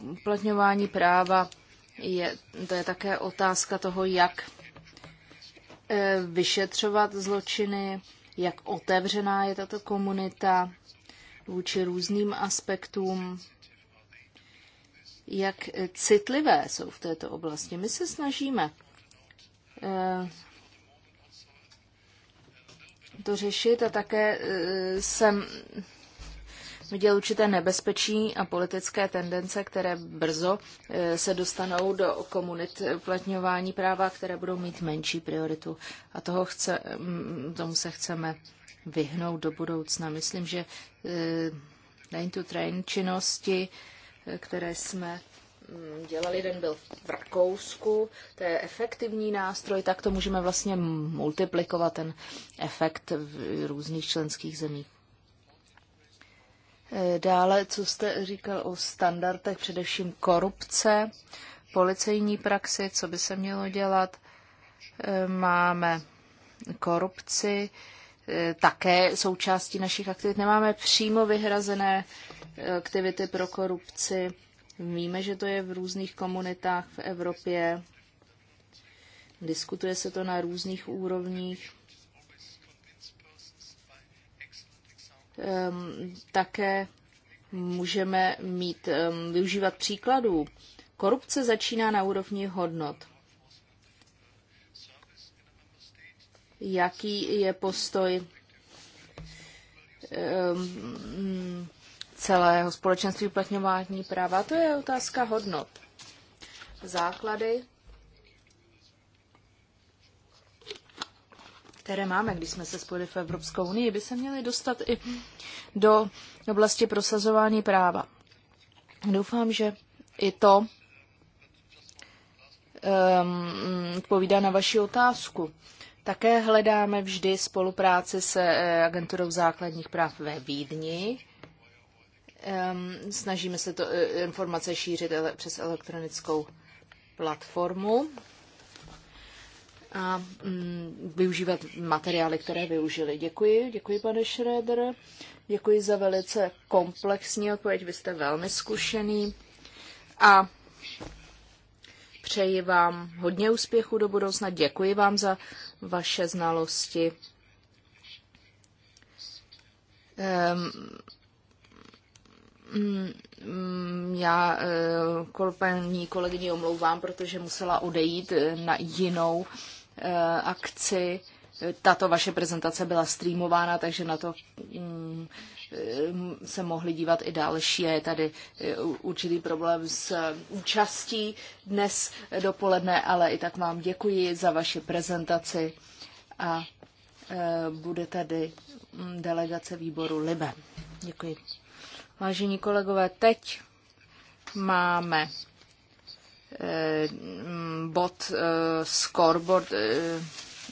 uplatňování práva je, to je také otázka toho, jak eh, vyšetřovat zločiny, jak otevřená je tato komunita vůči různým aspektům jak citlivé jsou v této oblasti. My se snažíme eh, to řešit a také eh, jsem viděl určité nebezpečí a politické tendence, které brzo eh, se dostanou do komunit uplatňování práva, které budou mít menší prioritu. A toho chce, mm, tomu se chceme vyhnout do budoucna. Myslím, že na to Train činnosti které jsme mm, dělali. Jeden byl v Rakousku, to je efektivní nástroj, tak to můžeme vlastně multiplikovat ten efekt v různých členských zemích. E, dále, co jste říkal o standardech, především korupce, policejní praxi, co by se mělo dělat. E, máme korupci, e, také součástí našich aktivit. Nemáme přímo vyhrazené aktivity pro korupci. Víme, že to je v různých komunitách v Evropě. Diskutuje se to na různých úrovních. Ehm, také můžeme mít, ehm, využívat příkladů. Korupce začíná na úrovni hodnot. Jaký je postoj ehm, celého společenství uplatňování práva. To je otázka hodnot. Základy, které máme, když jsme se spojili v Evropskou unii, by se měly dostat i do oblasti prosazování práva. Doufám, že i to um, odpovídá na vaši otázku. Také hledáme vždy spolupráci se eh, Agenturou základních práv ve Vídni. Um, snažíme se to e, informace šířit ele, přes elektronickou platformu a um, využívat materiály, které využili. Děkuji, děkuji pane Schroeder, děkuji za velice komplexní odpověď, vy jste velmi zkušený a přeji vám hodně úspěchu do budoucna, děkuji vám za vaše znalosti. Um, Mm, já paní eh, kolegyni omlouvám, protože musela odejít eh, na jinou eh, akci. Tato vaše prezentace byla streamována, takže na to mm, se mohli dívat i další. Je tady určitý problém s účastí dnes dopoledne, ale i tak vám děkuji za vaši prezentaci a bude tady mm, delegace výboru Libe. Děkuji. Vážení kolegové, teď máme eh, bod eh, scoreboard eh,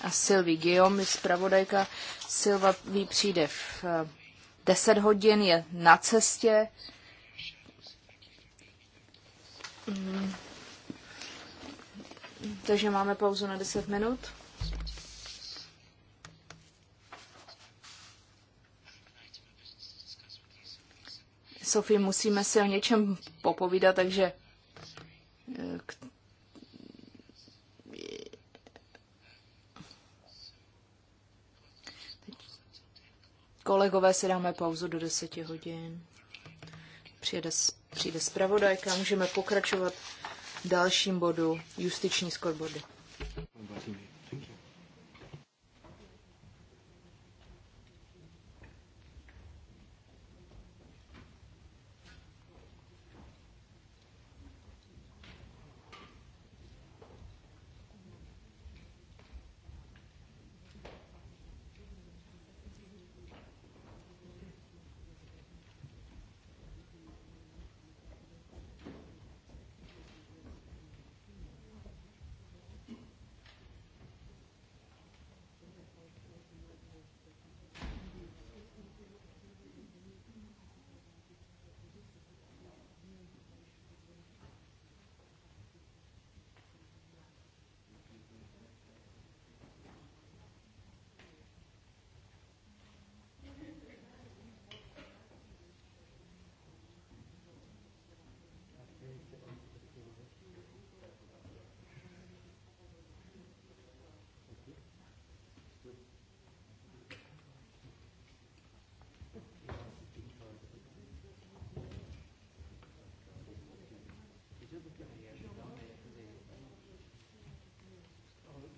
a Sylvie Guillaume, zpravodajka. Silva ví přijde v eh, 10 hodin, je na cestě. Mm. Takže máme pauzu na 10 minut. Sofie, musíme se o něčem popovídat, takže eh, kolegové si dáme pauzu do 10 hodin. Přijede, přijde zpravodajka, můžeme pokračovat v dalším bodu justiční scoreboardy.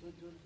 Todos os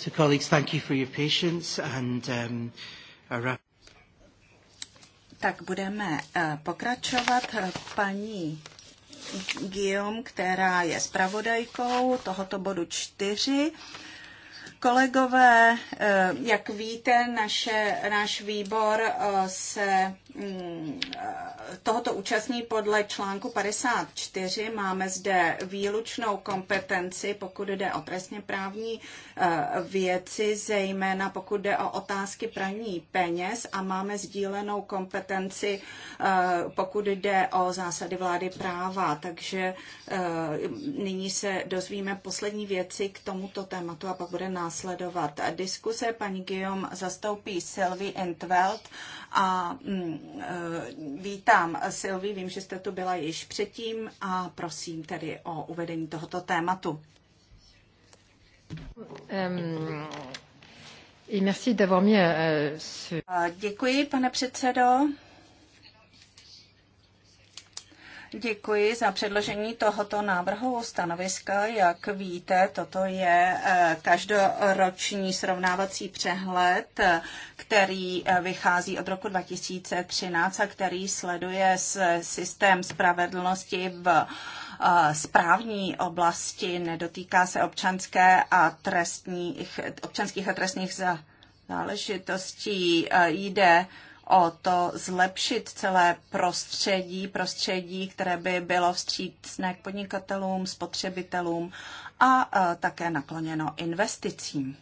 So colleagues, thank you for your patience and um, Tak budeme eh, pokračovat. Paní Guillaume, která je zpravodajkou tohoto bodu čtyři Kolegové, eh, jak víte, naše, náš výbor eh, se mm, eh, tohoto účastní podle článku 54. Máme zde výlučnou kompetenci, pokud jde o trestně právní věci, zejména pokud jde o otázky praní peněz a máme sdílenou kompetenci, pokud jde o zásady vlády práva. Takže nyní se dozvíme poslední věci k tomuto tématu a pak bude nás následovat diskuse. Paní Guillaume zastoupí Sylvie Entwelt a mm, eh, vítám Sylvie, vím, že jste tu byla již předtím a prosím tedy o uvedení tohoto tématu. Um... Děkuji, pane předsedo. Děkuji za předložení tohoto návrhu stanoviska. Jak víte, toto je eh, každoroční srovnávací přehled, který eh, vychází od roku 2013 a který sleduje systém spravedlnosti v eh, správní oblasti, nedotýká se občanské a trestních, občanských a trestních záležitostí. Jde o to zlepšit celé prostředí, prostředí, které by bylo vstřícné k podnikatelům, spotřebitelům a e, také nakloněno investicím.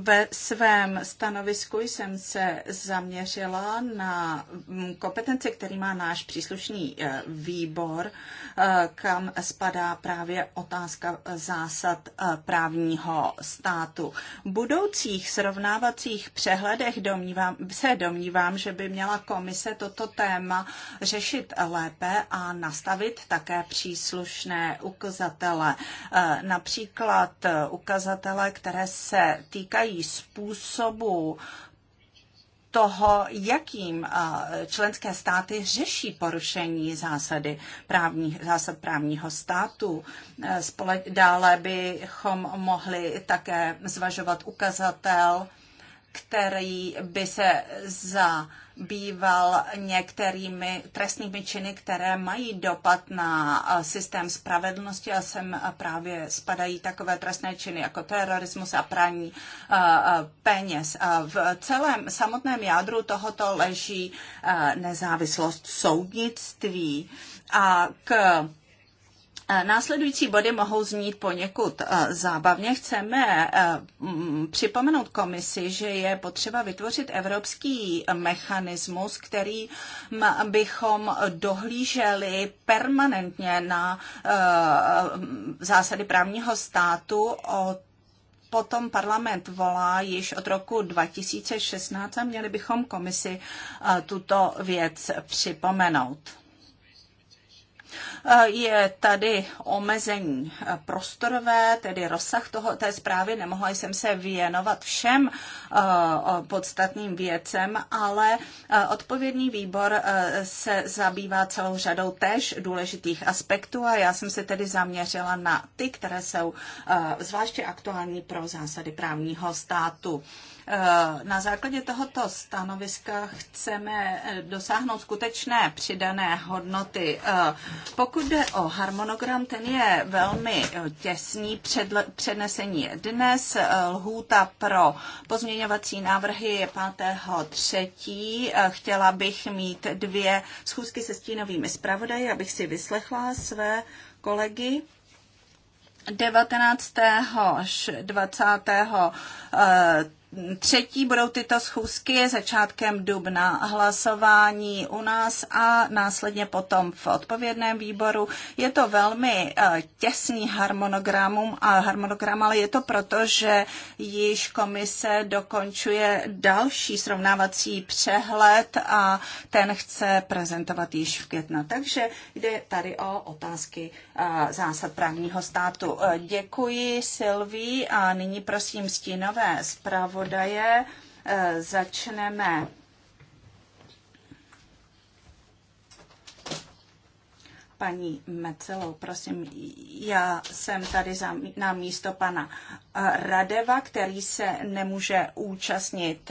Ve svém stanovisku jsem se zaměřila na kompetence, který má náš příslušný eh, výbor, eh, kam spadá právě otázka eh, zásad právního státu. V budoucích srovnávacích přehledech domnívám, se domnívám, že by měla komise toto téma řešit lépe a nastavit také příslušné ukazatele. Například ukazatele, které se týkají týkají způsobu toho, jakým členské státy řeší porušení zásady právní, zásad právního státu. E, dále bychom mohli také zvažovat ukazatel, který by se za býval některými trestnými činy, které mají dopad na systém spravedlnosti a sem právě spadají takové trestné činy jako terorismus a praní peněz. V celém samotném jádru tohoto leží nezávislost soudnictví a k Eh, následující body mohou znít poněkud eh, zábavně. Chceme eh, mm, připomenout komisi, že je potřeba vytvořit evropský mechanismus, který mm, bychom dohlíželi permanentně na mm, zásady právního státu o potom parlament volá již od roku 2016 a měli bychom komisi tuto věc připomenout. Eh, je tady omezení eh, prostorové, tedy rozsah toho, té zprávy. Nemohla jsem se věnovat všem eh, podstatným věcem, ale odpovědný výbor se zabývá celou řadou též důležitých aspektů a já jsem se tedy zaměřila na ty, které jsou zvláště aktuální pro zásady právního státu. Eh, na základě tohoto stanoviska chceme eh, dosáhnout skutečné přidané hodnoty. Eh, pokud jde o harmonogram, ten je velmi těsný. přednesení. je dnes. Lhůta pro pozměňovací návrhy je 5.3. Chtěla bych mít dvě schůzky se stínovými zpravodaji, abych si vyslechla své kolegy. 19. až 20 třetí budou tyto schůzky začátkem dubna hlasování u nás a následně potom v odpovědném výboru. Je to velmi eh, těsný harmonogram, a harmonogram, ale je to proto, že již komise dokončuje další srovnávací přehled a ten chce prezentovat již v květnu. Takže jde tady o otázky eh, zásad právního státu. Eh, děkuji Silví a nyní prosím stínové zprávu zpravodaje. Eh, začneme paní Mecelou. Prosím, já jsem tady za, na místo pana eh, Radeva, který se nemůže účastnit.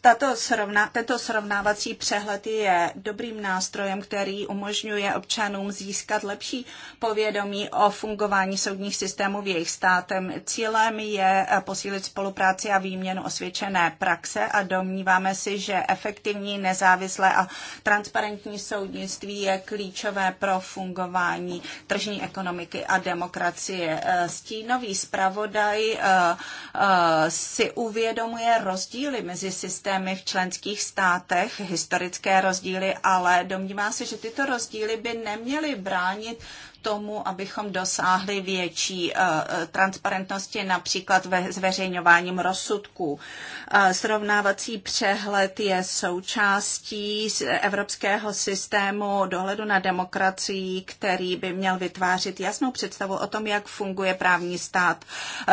Tato srovna, tento srovnávací přehled je dobrým nástrojem, který umožňuje občanům získat lepší povědomí o fungování soudních systémů v jejich státem. Cílem je eh, posílit spolupráci a výměnu osvědčené praxe a domníváme si, že efektivní, nezávislé a transparentní soudnictví je klíčové pro fungování tržní ekonomiky a demokracie. Eh, stínový zpravodaj eh, eh, si uvědomuje rozdíly mezi systémy v členských státech, historické rozdíly, ale domnívá se, že tyto rozdíly by neměly bránit tomu, abychom dosáhli větší eh, transparentnosti, například ve zveřejňováním rozsudků. Eh, srovnávací přehled je součástí evropského systému dohledu na demokracii, který by měl vytvářet jasnou představu o tom, jak funguje právní stát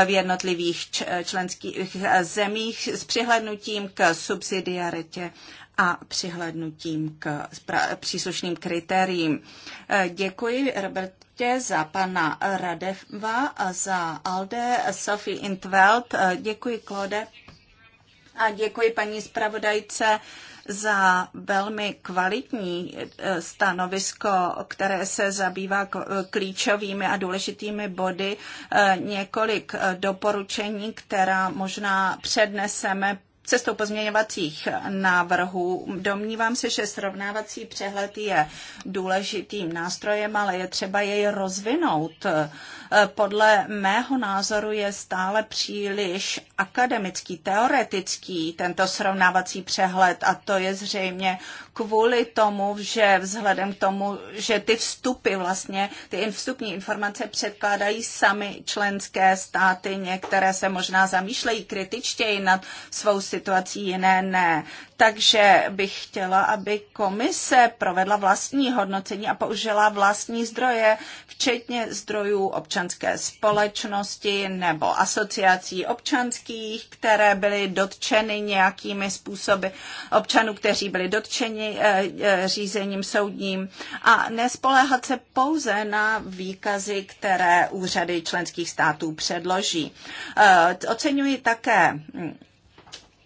v jednotlivých členských zemích s přihlednutím k subsidiaritě a přihlednutím k příslušným kritériím. Eh, děkuji, Robert za pana Radeva a za Alde Sophie Intveld. Eh, děkuji, Klode. A děkuji paní zpravodajce za velmi kvalitní eh, stanovisko, které se zabývá klíčovými a důležitými body. Několik doporučení, která možná předneseme cestou pozměňovacích návrhů. Domnívám se, že srovnávací přehled je důležitým nástrojem, ale je třeba jej rozvinout. E, podle mého názoru je stále příliš akademický, teoretický tento srovnávací přehled a to je zřejmě kvůli tomu, že vzhledem k tomu, že ty vstupy vlastně, ty vstupní informace předkládají sami členské státy, některé se možná zamýšlejí kritičtěji nad svou situací, situací, jiné ne. Takže bych chtěla, aby komise provedla vlastní hodnocení a použila vlastní zdroje, včetně zdrojů občanské společnosti nebo asociací občanských, které byly dotčeny nějakými způsoby občanů, kteří byli dotčeni eh, eh, řízením soudním a nespoléhat se pouze na výkazy, které úřady členských států předloží. Eh, oceňuji také hm,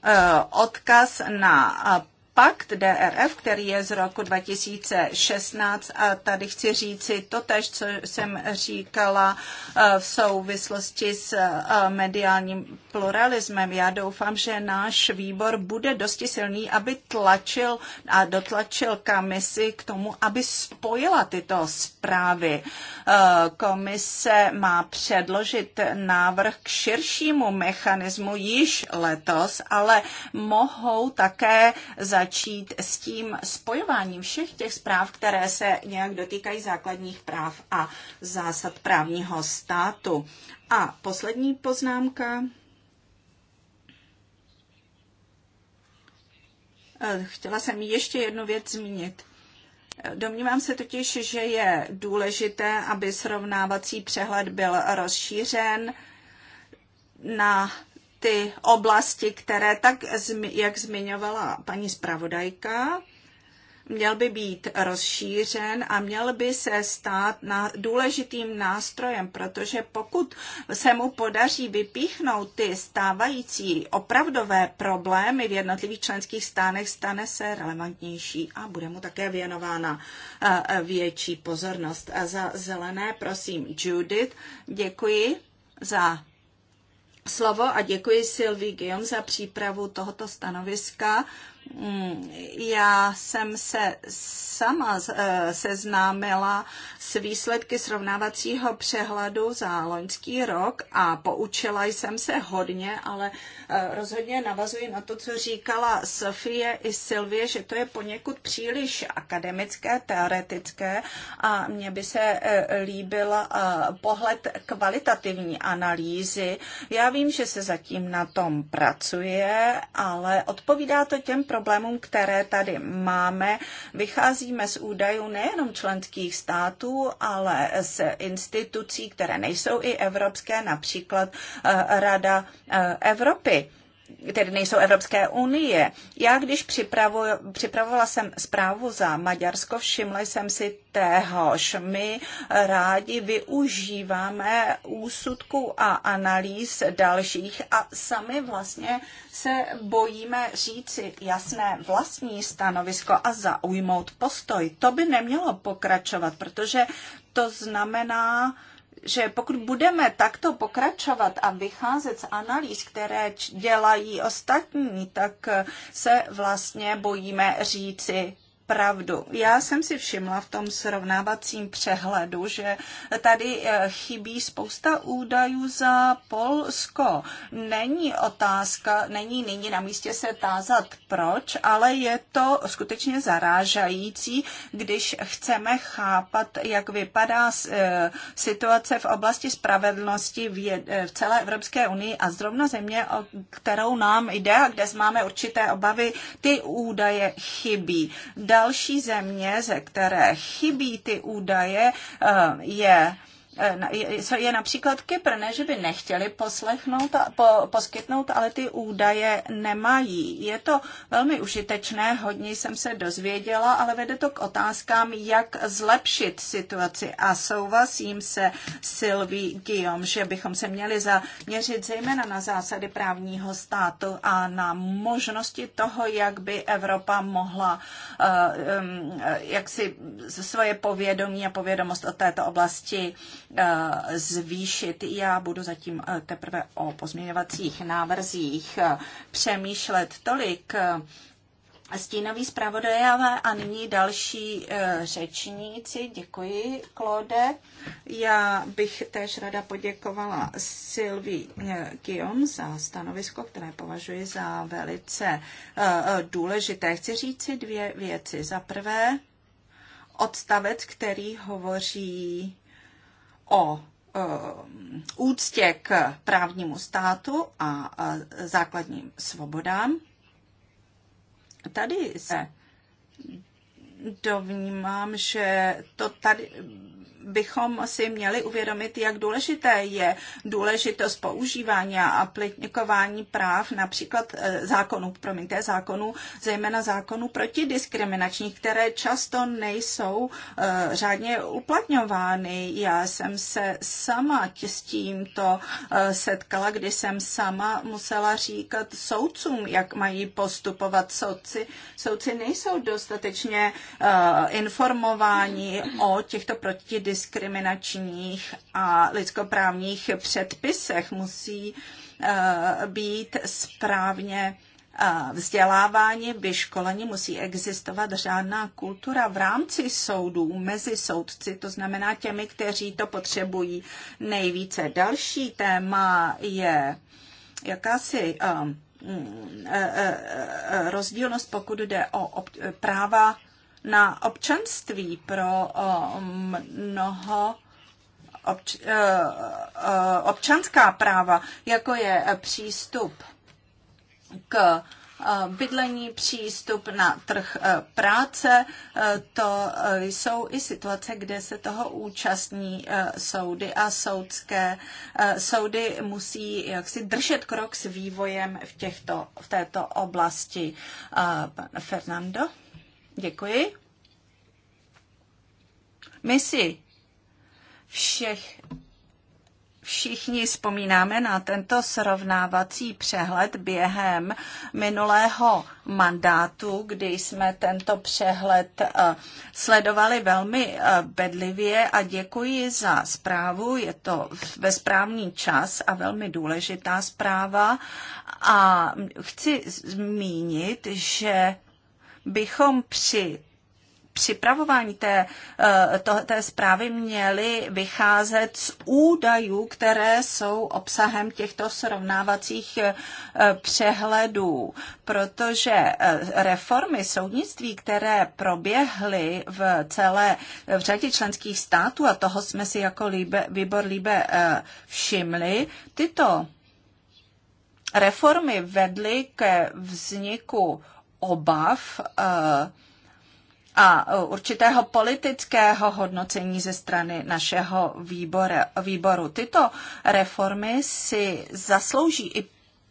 Eh, odkaz na eh, pakt DRF, který je z roku 2016 a tady chci říci to tež, co jsem říkala eh, v souvislosti s eh, mediálním pluralismem. Já doufám, že náš výbor bude dosti silný, aby tlačil a dotlačil komisi k tomu, aby spojila tyto zprávy. Eh, komise má předložit návrh k širšímu mechanismu již letos, ale mohou také za začít s tím spojováním všech těch zpráv, které se nějak dotýkají základních práv a zásad právního státu. A poslední poznámka. Eh, chtěla jsem ještě jednu věc zmínit. Eh, domnívám se totiž, že je důležité, aby srovnávací přehled byl rozšířen na ty oblasti, které tak, jak zmiňovala paní zpravodajka, měl by být rozšířen a měl by se stát na důležitým nástrojem, protože pokud se mu podaří vypíchnout ty stávající opravdové problémy v jednotlivých členských stánech, stane se relevantnější a bude mu také věnována e, e, větší pozornost. A za zelené, prosím, Judith, děkuji za slovo a děkuji Sylvie Guillaume za přípravu tohoto stanoviska. Mm, já jsem se sama eh, seznámila s výsledky srovnávacího přehledu za loňský rok a poučila jsem se hodně, ale eh, rozhodně navazuji na to, co říkala Sofie i Silvie, že to je poněkud příliš akademické, teoretické a mně by se eh, líbil pohled kvalitativní analýzy. Já vím, že se zatím na tom pracuje, ale odpovídá to těm problémům, které tady máme. Vycházíme z údajů nejenom členských států, ale z institucí, které nejsou i evropské, například eh, Rada eh, Evropy tedy nejsou Evropské unie. Já, když připravovala jsem zprávu za Maďarsko, všimla jsem si téhož. My rádi využíváme úsudku a analýz dalších a sami vlastně se bojíme říci jasné vlastní stanovisko a zaujmout postoj. To by nemělo pokračovat, protože to znamená, že pokud budeme takto pokračovat a vycházet z analýz, které dělají ostatní, tak se vlastně bojíme říci pravdu. Já jsem si všimla v tom srovnávacím přehledu, že tady eh, chybí spousta údajů za Polsko. Není otázka, není nyní na místě se tázat proč, ale je to skutečně zarážající, když chceme chápat, jak vypadá eh, situace v oblasti spravedlnosti eh, v celé Evropské unii a zrovna země, o kterou nám jde a kde máme určité obavy, ty údaje chybí. Další země, ze které chybí ty údaje, eh, je Eh, je například Kypr, ne, že by nechtěli poslechnout, po, poskytnout, ale ty údaje nemají. Je to velmi užitečné, hodně jsem se dozvěděla, ale vede to k otázkám, jak zlepšit situaci. A souhlasím se Silví Guillaume, že bychom se měli zaměřit zejména na zásady právního státu a na možnosti toho, jak by Evropa mohla eh, eh, jak si svoje povědomí a povědomost o této oblasti Eh, zvýšit. Já budu zatím eh, teprve o pozměňovacích návrzích eh, přemýšlet tolik. Stínový zpravodajové a nyní další řečníci. Děkuji, Klode. Já bych též rada poděkovala Sylvie Guillaume za stanovisko, které považuji za velice důležité. Chci říci dvě věci. Za prvé, odstavec, který hovoří o eh, úctě k právnímu státu a základním svobodám. Tady se dovnímám, že to tady bychom si měli uvědomit, jak důležité je důležitost používání a aplikování práv, například eh, zákonů, promiňte, zákonů, zejména zákonů protidiskriminačních, které často nejsou eh, řádně uplatňovány. Já jsem se sama s tímto eh, setkala, kdy jsem sama musela říkat soudcům, jak mají postupovat soudci. Soudci nejsou dostatečně informováni o těchto protidiskriminačních diskriminačních a lidskoprávních předpisech musí eh, být správně eh, vzdělávání, vyškolení musí existovat řádná kultura v rámci soudů, mezi soudci, to znamená těmi, kteří to potřebují nejvíce. Další téma je jakási eh, mm, rozdílnost, pokud jde o práva na občanství pro mnoho obč, e, e, občanská práva, jako je e, přístup k bydlení, přístup na trh práce. To jsou i situace, kde se toho účastní soudy a soudské soudy musí jaksi držet krok s vývojem v, těchto, v této oblasti. Pan Fernando? Děkuji. My si všech, všichni vzpomínáme na tento srovnávací přehled během minulého mandátu, kdy jsme tento přehled eh, sledovali velmi eh, bedlivě a děkuji za zprávu. Je to ve správný čas a velmi důležitá zpráva. A chci zmínit, že bychom při připravování té, eh, to, té zprávy měli vycházet z údajů, které jsou obsahem těchto srovnávacích eh, přehledů, protože eh, reformy soudnictví, které proběhly v celé v řadě členských států, a toho jsme si jako líbe, výbor líbe všimli, tyto reformy vedly ke vzniku obav eh, a určitého politického hodnocení ze strany našeho výbore, výboru. Tyto reformy si zaslouží i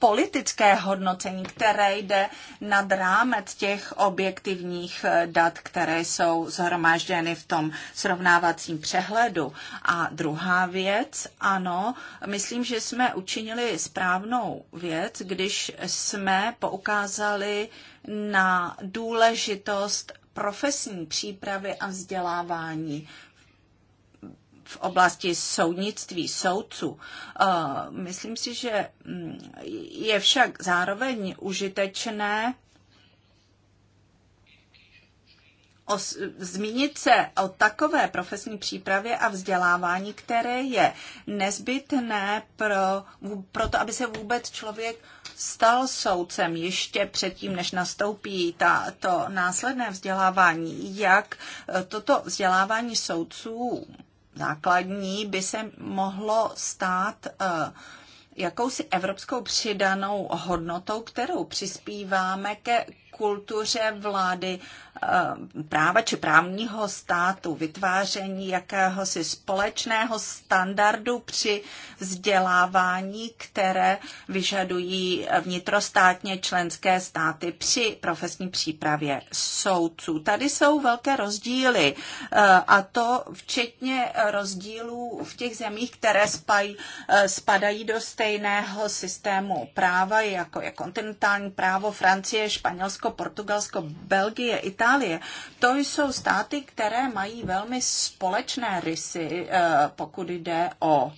politické hodnocení, které jde nad rámec těch objektivních eh, dat, které jsou zhromážděny v tom srovnávacím přehledu. A druhá věc, ano, myslím, že jsme učinili správnou věc, když jsme poukázali na důležitost profesní přípravy a vzdělávání v oblasti soudnictví soudců. Eh, myslím si, že mm, je však zároveň užitečné os, zmínit se o takové profesní přípravě a vzdělávání, které je nezbytné pro, pro to, aby se vůbec člověk stal soudcem ještě předtím, než nastoupí ta, to následné vzdělávání, jak eh, toto vzdělávání soudců základní by se mohlo stát eh, jakousi evropskou přidanou hodnotou, kterou přispíváme ke kultuře vlády eh, práva či právního státu, vytváření jakéhosi společného standardu při vzdělávání, které vyžadují vnitrostátně členské státy při profesní přípravě soudců. Tady jsou velké rozdíly eh, a to včetně rozdílů v těch zemích, které spaj, eh, spadají do stejného systému práva, jako je kontinentální právo Francie, Španělsko, Španělsko, Portugalsko, Belgie, Itálie. To jsou státy, které mají velmi společné rysy, eh, pokud jde o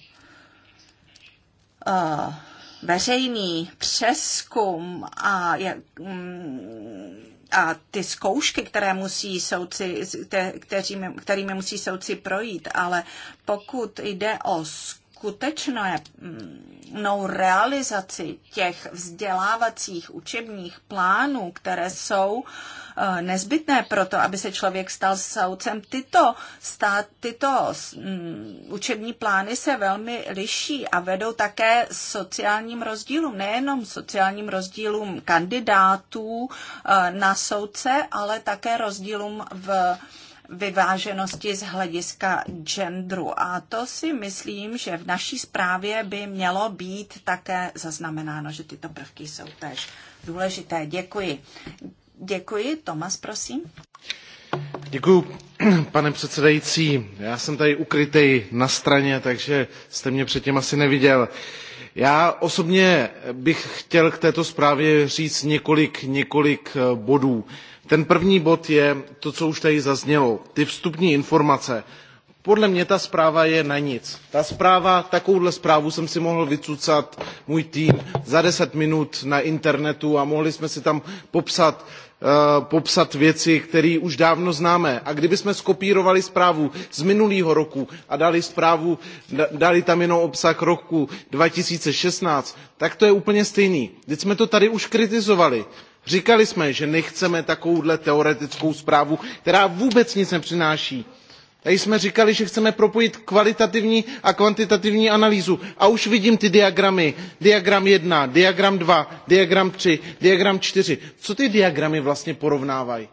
eh, veřejný přeskum a mm, a ty zkoušky, které musí soudci, kterými, kterými musí soudci projít, ale pokud jde o zkoušky, skutečnou mm, realizaci těch vzdělávacích učebních plánů, které jsou eh, nezbytné pro to, aby se člověk stal soudcem, tyto, stát, tyto mm, učební plány se velmi liší a vedou také sociálním rozdílům, nejenom sociálním rozdílům kandidátů eh, na soudce, ale také rozdílům v vyváženosti z hlediska genderu. A to si myslím, že v naší zprávě by mělo být také zaznamenáno, že tyto prvky jsou též důležité. Děkuji. Děkuji. Tomas, prosím. Děkuji, pane předsedající. Já jsem tady ukrytej na straně, takže jste mě předtím asi neviděl. Já osobně bych chtěl k této zprávě říct několik, několik eh, bodů. Uh, ten první bod je to, co už tady zaznělo, ty vstupní informace. Podle mě ta zpráva je na nic. Ta zpráva, takovouhle zprávu jsem si mohl vycucat můj tým za deset minut na internetu a mohli jsme si tam popsat, eh, popsat věci, které už dávno známe. A kdybychom skopírovali zprávu z minulého roku a dali zprávu, dali tam jenom obsah roku 2016, tak to je úplně stejný. Teď jsme to tady už kritizovali. Říkali jsme, že nechceme takovouhle teoretickou zprávu, která vůbec nic nepřináší. Tady jsme říkali, že chceme propojit kvalitativní a kvantitativní analýzu. A už vidím ty diagramy. Diagram 1, diagram 2, diagram 3, diagram 4. Co ty diagramy vlastně porovnávají?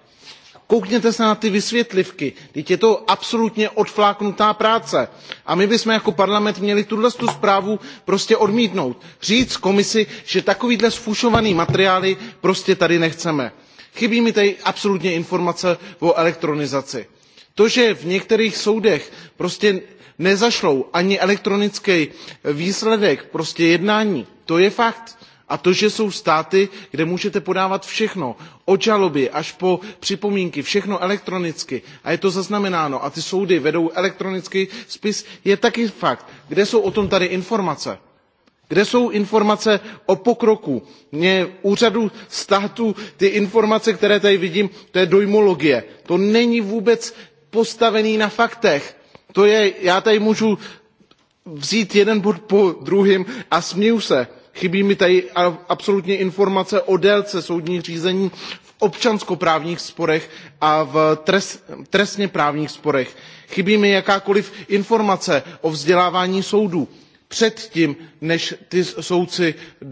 koukněte se na ty vysvětlivky vždyť je to absolutně odfláknutá práce a my bychom jako parlament měli tuhle zprávu prostě odmítnout říct komisi že takovýhle zfušovaný materiály prostě tady nechceme. chybí mi tady absolutně informace o elektronizaci. to že v některých soudech prostě nezašlou ani elektronický výsledek prostě jednání to je fakt a to že jsou státy kde můžete podávat všechno od žaloby až po připomínky všechno elektronicky a je to zaznamenáno a ty soudy vedou elektronický spis je taky fakt. kde jsou o tom tady informace? kde jsou informace o pokroku? u řady států ty informace které tady vidím to je dojmologie to není vůbec postavené na faktech. To je, já tady můžu vzít jeden bod po druhém a směju se chybí mi tady absolutně informace o délce soudních řízení v občanskoprávních sporech a v trestněprávních sporech chybí mi jakákoliv informace o vzdělávání soudů předtím než ti soudci e,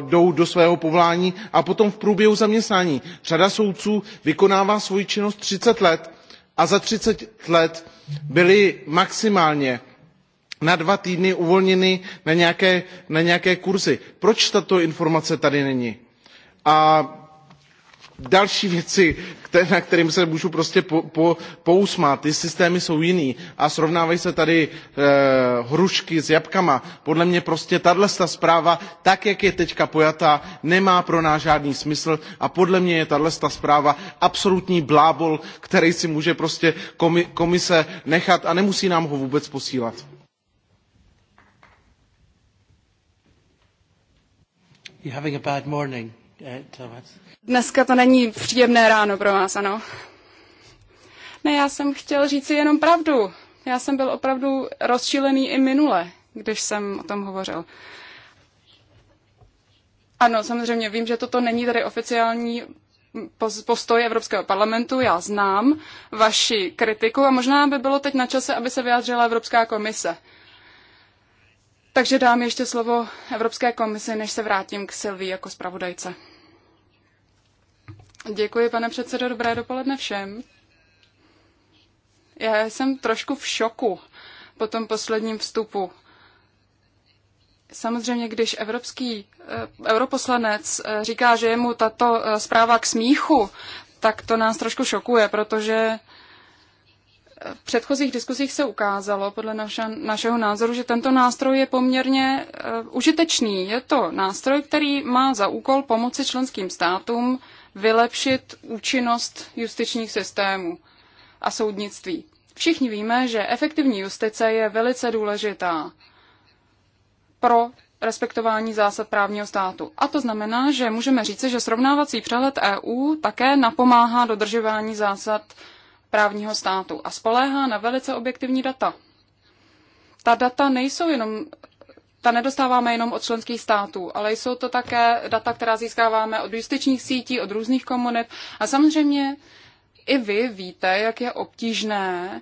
jdou do svého povolání a potom v průběhu zaměstnání. řada soudců vykonává svoji činnost thirty let a za thirty let byli maximálně na dva týdny uvolněny na nějaké, na nějaké kurzy. Proč tato informace tady není? A další věci, které, na kterým se můžu prostě po, po, pousmát. Ty systémy jsou jiný a srovnávají se tady e, hrušky s jabkama. Podle mě prostě tahle zpráva, tak jak je teďka pojatá, nemá pro nás žádný smysl a podle mě je tahle zpráva absolutní blábol, který si může prostě komi, komise nechat a nemusí nám ho vůbec posílat. You're having a bad morning, uh, Thomas. Dneska to není příjemné ráno pro vás, ano. Ne, já jsem chtěl říct si jenom pravdu. Já jsem byl opravdu rozčílený i minule, když jsem o tom hovořil. Ano, samozřejmě vím, že toto není tady oficiální postoj Evropského parlamentu, já znám vaši kritiku a možná by bylo teď na čase, aby se vyjádřila Evropská komise. Takže dám ještě slovo Evropské komisi, než se vrátím k Silvii jako zpravodajce. Děkuji, pane předsedo, dobré dopoledne všem. Já jsem trošku v šoku po tom posledním vstupu. Samozřejmě, když evropský eh, europoslanec eh, říká, že je mu tato eh, zpráva k smíchu, tak to nás trošku šokuje, protože v předchozích diskuzích se ukázalo podle naša, našeho názoru, že tento nástroj je poměrně uh, užitečný. Je to nástroj, který má za úkol pomoci členským státům vylepšit účinnost justičních systémů a soudnictví. Všichni víme, že efektivní justice je velice důležitá pro respektování zásad právního státu. A to znamená, že můžeme říci, že srovnávací přehled EU také napomáhá dodržování zásad právního státu a spoléhá na velice objektivní data. Ta data nejsou jenom, ta nedostáváme jenom od členských států, ale jsou to také data, která získáváme od justičních sítí, od různých komunit a samozřejmě i vy víte, jak je obtížné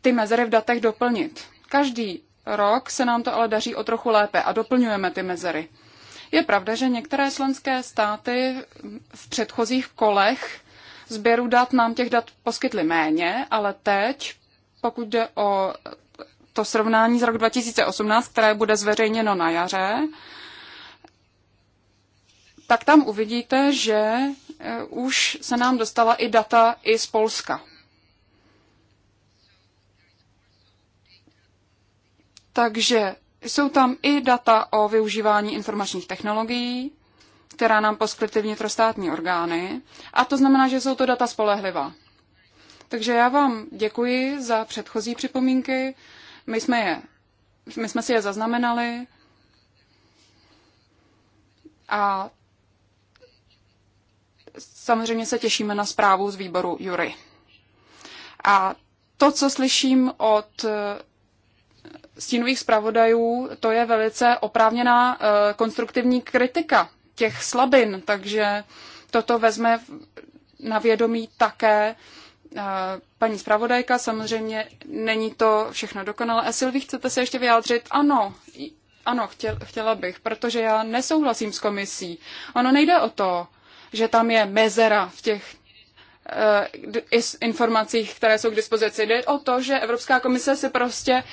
ty mezery v datech doplnit. Každý rok se nám to ale daří o trochu lépe a doplňujeme ty mezery. Je pravda, že některé členské státy v předchozích kolech sběru dat nám těch dat poskytli méně, ale teď, pokud jde o to srovnání z roku 2018, které bude zveřejněno na jaře, tak tam uvidíte, že eh, už se nám dostala i data i z Polska. Takže jsou tam i data o využívání informačních technologií, která nám poskytly vnitrostátní orgány. A to znamená, že jsou to data spolehlivá. Takže já vám děkuji za předchozí připomínky. My jsme, je, my jsme si je zaznamenali. A samozřejmě se těšíme na zprávu z výboru Jury. A to, co slyším od eh, stínových zpravodajů, to je velice oprávněná eh, konstruktivní kritika těch slabin, takže toto vezme na vědomí také eh, paní zpravodajka. Samozřejmě není to všechno dokonalé. A Silvi, chcete se ještě vyjádřit? Ano, ano, chtěl, chtěla bych, protože já nesouhlasím s komisí. Ono nejde o to, že tam je mezera v těch eh, informacích, které jsou k dispozici. Jde o to, že Evropská komise si prostě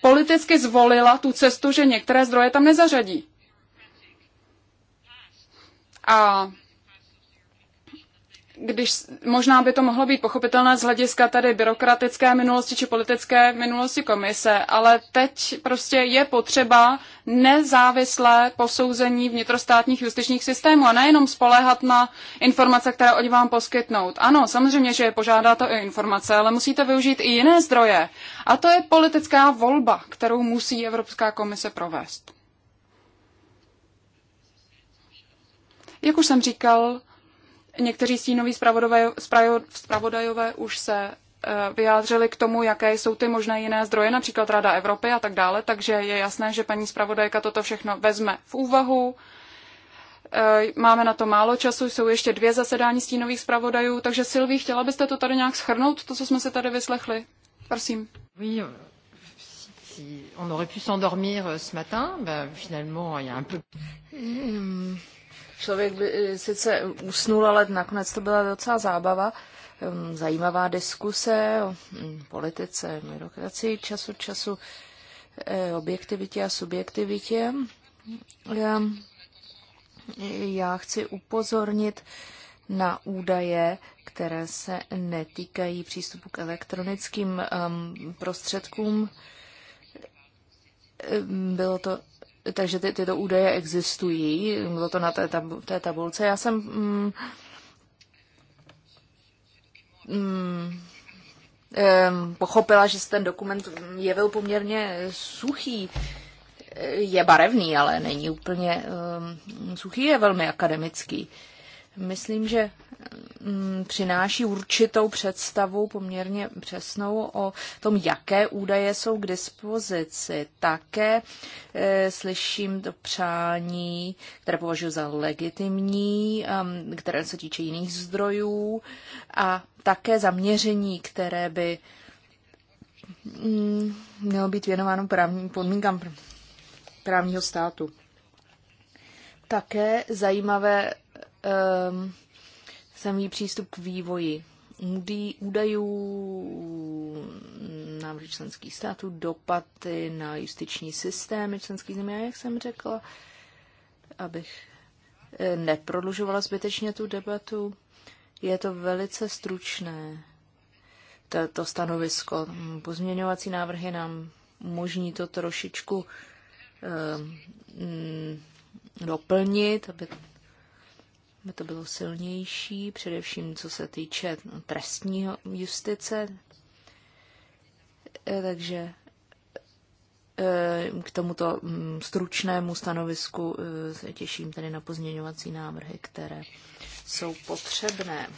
politicky zvolila tu cestu, že některé zdroje tam nezařadí. A když možná by to mohlo být pochopitelné z hlediska tady byrokratické minulosti či politické minulosti komise, ale teď prostě je potřeba nezávislé posouzení vnitrostátních justičních systémů a nejenom spoléhat na informace, které oni vám poskytnout. Ano, samozřejmě, že je požádá to i informace, ale musíte využít i jiné zdroje. A to je politická volba, kterou musí Evropská komise provést. Jak už jsem říkal, někteří stínoví zpravodajové už se eh, vyjádřili k tomu, jaké jsou ty možné jiné zdroje, například Rada Evropy a tak dále, takže je jasné, že paní zpravodajka toto všechno vezme v úvahu. Eh, máme na to málo času, jsou ještě dvě zasedání stínových zpravodajů, takže Silví, chtěla byste to tady nějak schrnout, to, co jsme si tady vyslechli? Prosím. Oui, euh, si on aurait pu s'endormir euh, ce matin, ben finalement il y a un peu... Um, Člověk by eh, sice usnul, ale nakonec to byla docela zábava. Ehm, zajímavá diskuse o hm, politice, byrokracii času času, eh, objektivitě a subjektivitě. Já chci upozornit na údaje, které se netýkají přístupu k elektronickým um, prostředkům. Ehm, bylo to takže ty, tyto údaje existují, bylo to na té, tab, té tabulce. Já jsem mm, mm, pochopila, že se ten dokument jevil poměrně suchý. Je barevný, ale není úplně Mm, suchý, je velmi akademický. Uh, myslím, že mm, přináší určitou představu poměrně přesnou o tom, jaké údaje jsou k dispozici. Také e, slyším to přání, které považuji za legitimní, um, které se týče jiných zdrojů a také zaměření, které by mm, mělo být věnováno právním podmínkám právního státu. Také zajímavé um, samý přístup k vývoji údajů návrh členských států, dopady na justiční systémy členských zemí, a jak jsem řekla, abych eh, neprodlužovala zbytečně tu debatu, je to velice stručné, to stanovisko. Pozměňovací návrhy nám umožní to trošičku um, doplnit, aby aby to bylo silnější, především co se týče no, trestní justice. E, takže e, k tomuto mm, stručnému stanovisku e, se těším tedy na pozměňovací návrhy, které jsou potřebné.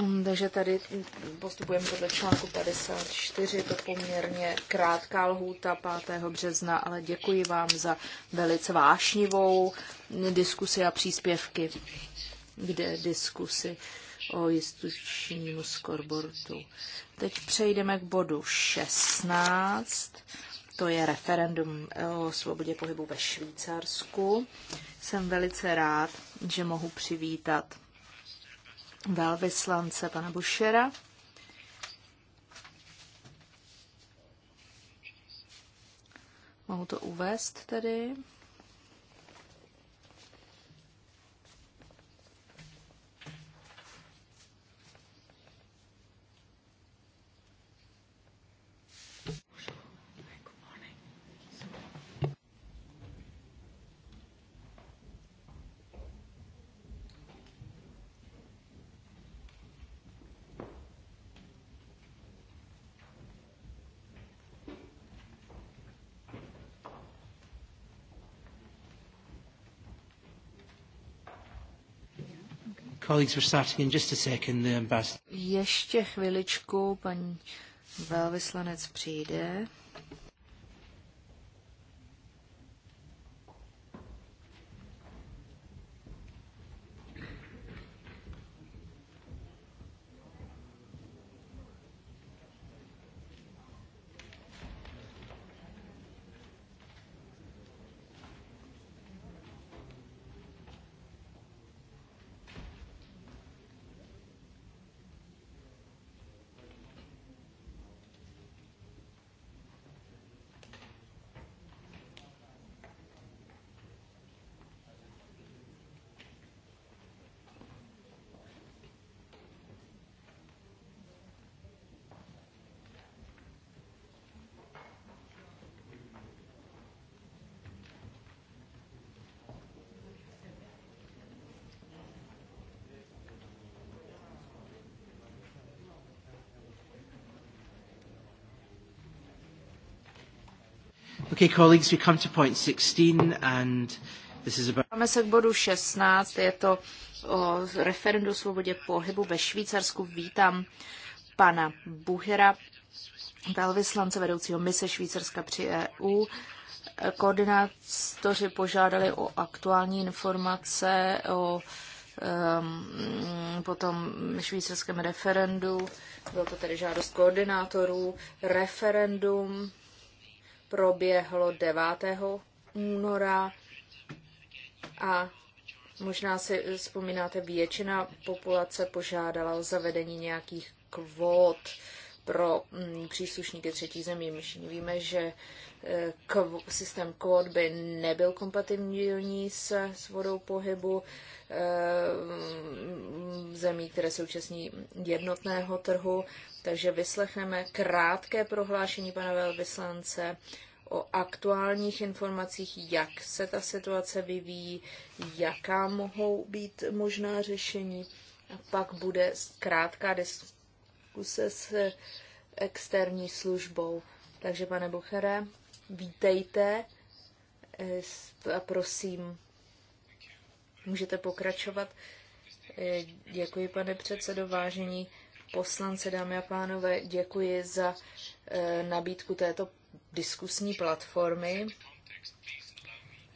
Mm, takže tady postupujeme podle článku 54, to poměrně krátká lhůta 5. března, ale děkuji vám za velice vášnivou diskusi a příspěvky kde diskusi o jistučnímu skorbortu. Teď přejdeme k bodu 16, to je referendum o svobodě pohybu ve Švýcarsku. Jsem velice rád, že mohu přivítat velvyslance pana Bushera. Mohu to uvést tedy. Ještě chviličku, paní velvyslanec přijde. Okay, colleagues, we come to point 16 and this is about... Máme se k bodu 16, je to o referendu svobodě pohybu ve Švýcarsku. Vítám pana Buhera, velvyslance vedoucího mise Švýcarska při EU. Koordinátoři požádali o aktuální informace o um, potom švýcarském referendu. Byla to tedy žádost koordinátorů, referendum proběhlo 9. února a možná si vzpomínáte, většina populace požádala o zavedení nějakých kvót pro mm, příslušníky třetí zemí. My víme, že eh, systém kvót by nebyl kompatibilní se svodou pohybu eh, zemí, které se účastní jednotného trhu, takže vyslechneme krátké prohlášení pana velvyslance o aktuálních informacích, jak se ta situace vyvíjí, jaká mohou být možná řešení. A pak bude krátká diskuse se s externí službou. Takže, pane Buchere, vítejte eh, a prosím, můžete pokračovat. Eh, děkuji, pane předsedo, vážení poslanci, dámy a pánové, děkuji za eh, nabídku této diskusní platformy.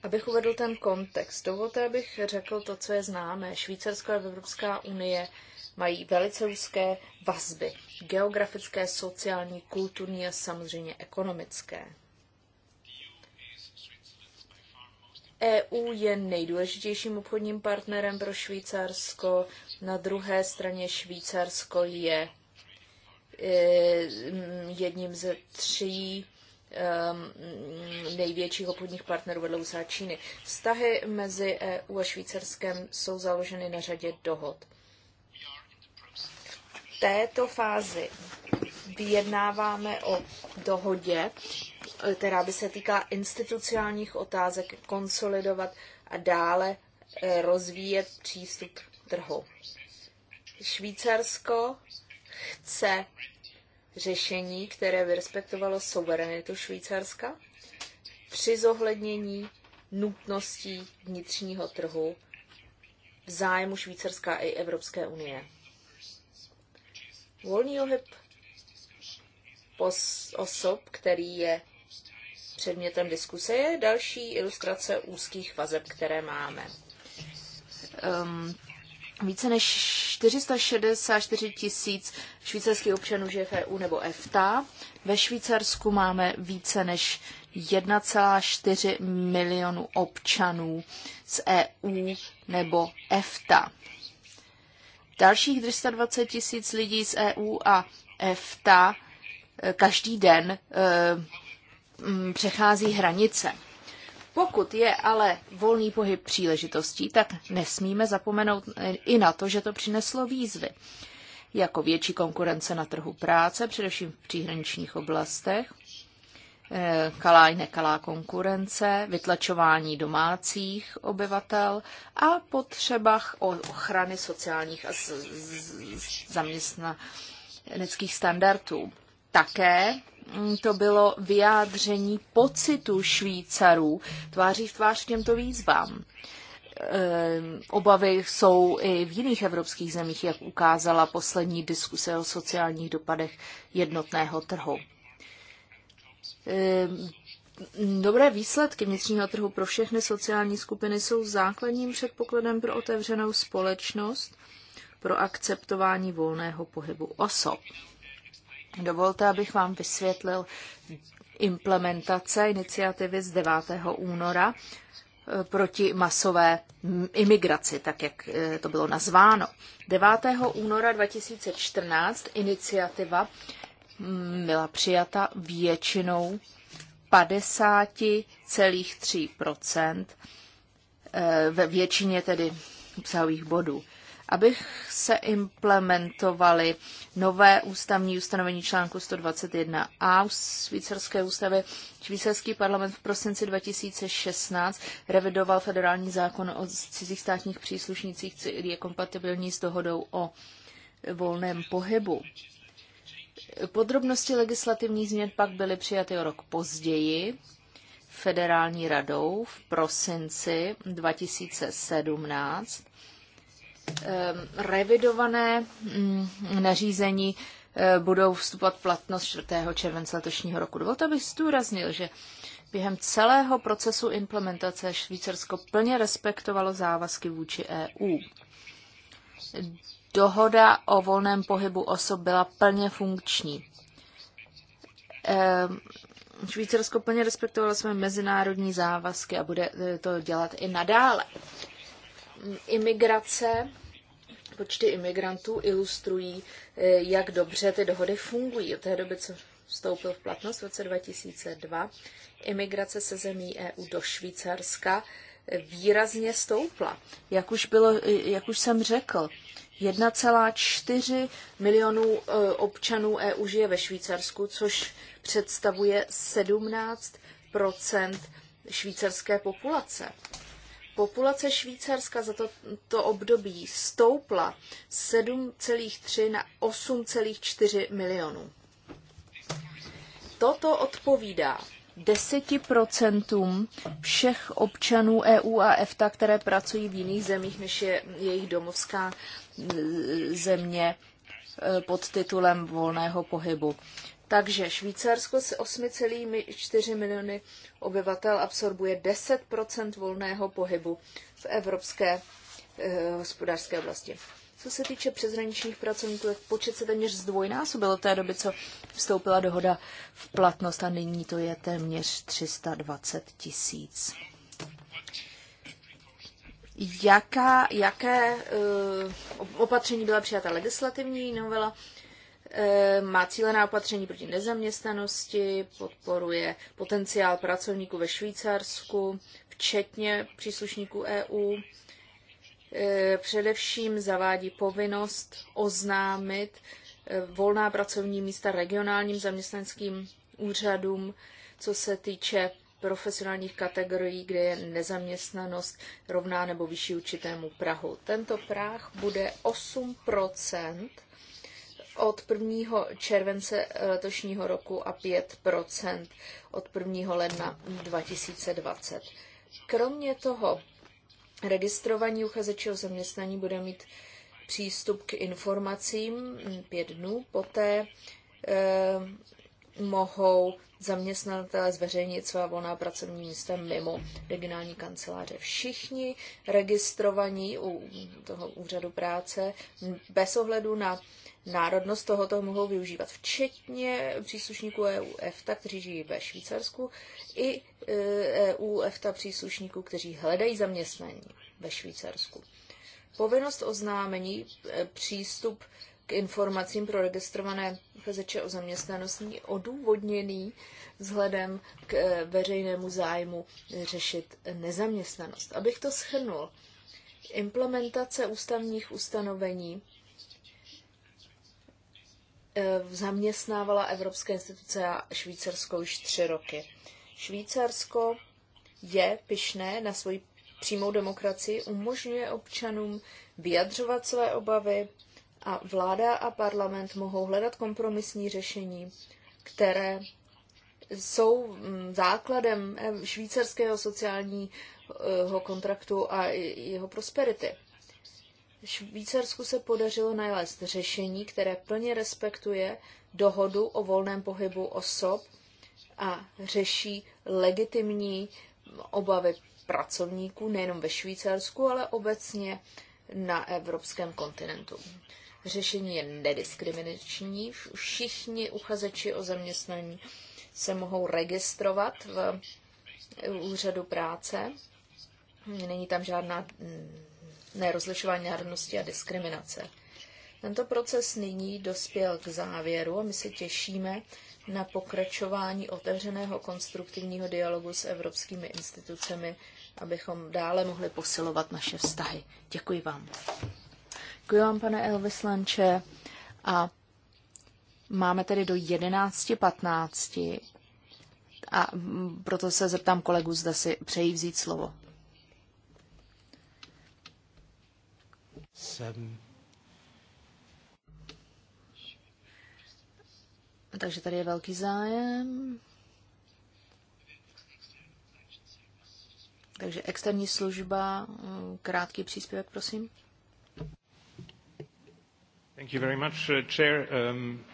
Abych uvedl ten kontext, dovolte, abych řekl to, co je známé. Švýcarsko a Evropská unie mají velice úzké vazby. Geografické, sociální, kulturní a samozřejmě ekonomické. EU je nejdůležitějším obchodním partnerem pro Švýcarsko. Na druhé straně Švýcarsko je e, mm, jedním ze tří mm, největších obchodních partnerů vedle USA Číny. Vztahy mezi EU a Švýcarskem jsou založeny na řadě dohod této fázi vyjednáváme o dohodě, která by se týkala institucionálních otázek, konsolidovat a dále eh, rozvíjet přístup k trhu. Švýcarsko chce řešení, které by respektovalo suverenitu Švýcarska při zohlednění nutností vnitřního trhu v zájmu Švýcarska i Evropské unie. Volný ohyb osob, který je předmětem diskuse, je další ilustrace úzkých vazeb, které máme. Um, více než 464 tisíc švýcarských občanů žije v EU nebo EFTA. Ve Švýcarsku máme více než 1,4 milionu občanů z EU nebo EFTA. Dalších 320 tisíc lidí z EU a EFTA eh, každý den eh, mm, přechází hranice. Pokud je ale volný pohyb příležitostí, tak nesmíme zapomenout eh, i na to, že to přineslo výzvy, jako větší konkurence na trhu práce, především v příhraničních oblastech, kalá i nekalá konkurence, vytlačování domácích obyvatel a potřebách ochrany sociálních a zaměstnaneckých standardů. Také to bylo vyjádření pocitu Švýcarů tváří v tvář těmto výzvám. Ehm, obavy jsou i v jiných evropských zemích, jak ukázala poslední diskuse o sociálních dopadech jednotného trhu. Ehm, dobré výsledky vnitřního trhu pro všechny sociální skupiny jsou základním předpokladem pro otevřenou společnost, pro akceptování volného pohybu osob. Dovolte, abych vám vysvětlil implementace iniciativy z 9. února eh, proti masové imigraci, tak jak eh, to bylo nazváno. 9. února 2014 iniciativa byla přijata většinou 50,3 e, ve většině tedy obsahových bodů. Abych se implementovaly nové ústavní ustanovení článku 121a švýcarské ústavy, švýcarský parlament v prosinci 2016 revidoval federální zákon o cizích státních příslušnících, který je kompatibilní s dohodou o volném pohybu. Podrobnosti legislativních změn pak byly přijaty o rok později federální radou v prosinci 2017. Ehm, revidované mm, nařízení eh, budou vstupovat v platnost 4. července letošního roku. Dovolte, abych zdůraznil, že během celého procesu implementace Švýcarsko plně respektovalo závazky vůči EU dohoda o volném pohybu osob byla plně funkční. Ehm, Švýcarsko plně respektovalo své mezinárodní závazky a bude eh, to dělat i nadále. Imigrace, počty imigrantů ilustrují, eh, jak dobře ty dohody fungují. Od té doby, co vstoupil v platnost v roce 2002, imigrace se zemí EU do Švýcarska eh, výrazně stoupla. Jak už, bylo, jak už jsem řekl, 1,4 milionů e, občanů EU žije ve Švýcarsku, což představuje 17 švýcarské populace. Populace Švýcarska za toto období stoupla 7,3 na 8,4 milionů. Toto odpovídá 10% všech občanů EU a EFTA, které pracují v jiných zemích, než je jejich domovská e, země e, pod titulem volného pohybu. Takže Švýcarsko s 8,4 miliony obyvatel absorbuje 10 volného pohybu v evropské eh, hospodářské oblasti. Co se týče přezraničních pracovníků, tak počet se téměř zdvojnásobil od té doby, co vstoupila dohoda v platnost a nyní to je téměř 320 tisíc. Jaká, jaké uh, opatření byla přijata legislativní novela? Eh, má cílená opatření proti nezaměstnanosti, podporuje potenciál pracovníků ve Švýcarsku, včetně příslušníků EU, Eh, především zavádí povinnost oznámit eh, volná pracovní místa regionálním zaměstnanským úřadům, co se týče profesionálních kategorií, kde je nezaměstnanost rovná nebo vyšší určitému Prahu. Tento práh bude 8 od 1. července letošního roku a 5 od 1. ledna 2020. Kromě toho Registrovaní uchazeči o zaměstnaní bude mít přístup k informacím pět dnů, poté eh, mohou zaměstnatelé zveřejnit svá volná pracovní místa mimo regionální kanceláře. Všichni registrovaní u toho úřadu práce bez ohledu na národnost tohoto mohou využívat, včetně příslušníků EU EFTA, kteří žijí ve Švýcarsku, i EU e EFTA příslušníků, kteří hledají zaměstnání ve Švýcarsku. Povinnost oznámení, e, přístup k informacím pro registrované uchazeče o zaměstnanosti odůvodněný vzhledem k e, veřejnému zájmu řešit nezaměstnanost. Abych to shrnul, implementace ústavních ustanovení E, zaměstnávala Evropské instituce a Švýcarsko už tři roky. Švýcarsko je pyšné na svoji přímou demokracii, umožňuje občanům vyjadřovat své obavy a vláda a parlament mohou hledat kompromisní řešení, které jsou mm, základem švýcarského sociálního e, kontraktu a jeho prosperity. Švýcarsku se podařilo nalézt řešení, které plně respektuje dohodu o volném pohybu osob a řeší legitimní obavy pracovníků nejenom ve Švýcarsku, ale obecně na evropském kontinentu. Řešení je nediskriminační. Všichni uchazeči o zaměstnání se mohou registrovat v úřadu práce. Není tam žádná mm, nerozlišování národnosti a diskriminace. Tento proces nyní dospěl k závěru a my se těšíme na pokračování otevřeného konstruktivního dialogu s evropskými institucemi, abychom dále mohli posilovat naše vztahy. Děkuji vám. Děkuji vám, pane Elvislanče. A máme tedy do 11.15 a proto se zeptám kolegu, zda si přejí vzít slovo. Seven. Takže tady je velký zájem. Takže externí služba, mm, krátký příspěvek, prosím. Thank you very much, uh, Chair. Um...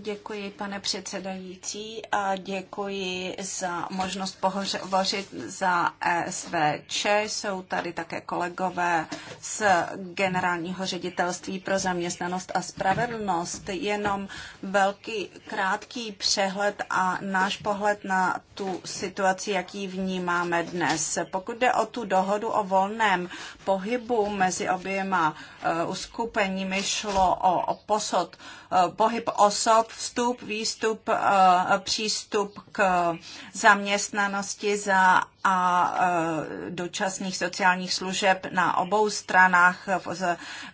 Děkuji, pane předsedající, a děkuji za možnost pohořit za SVČ. Jsou tady také kolegové z Generálního ředitelství pro zaměstnanost a spravedlnost. Jenom velký, krátký přehled a náš pohled na tu situaci, jaký vnímáme dnes. Pokud jde o tu dohodu o volném pohybu mezi oběma eh, uskupeními, šlo o, o posod pohyb osob, vstup, výstup, eh, přístup k zaměstnanosti za a e, dočasných sociálních služeb na obou stranách.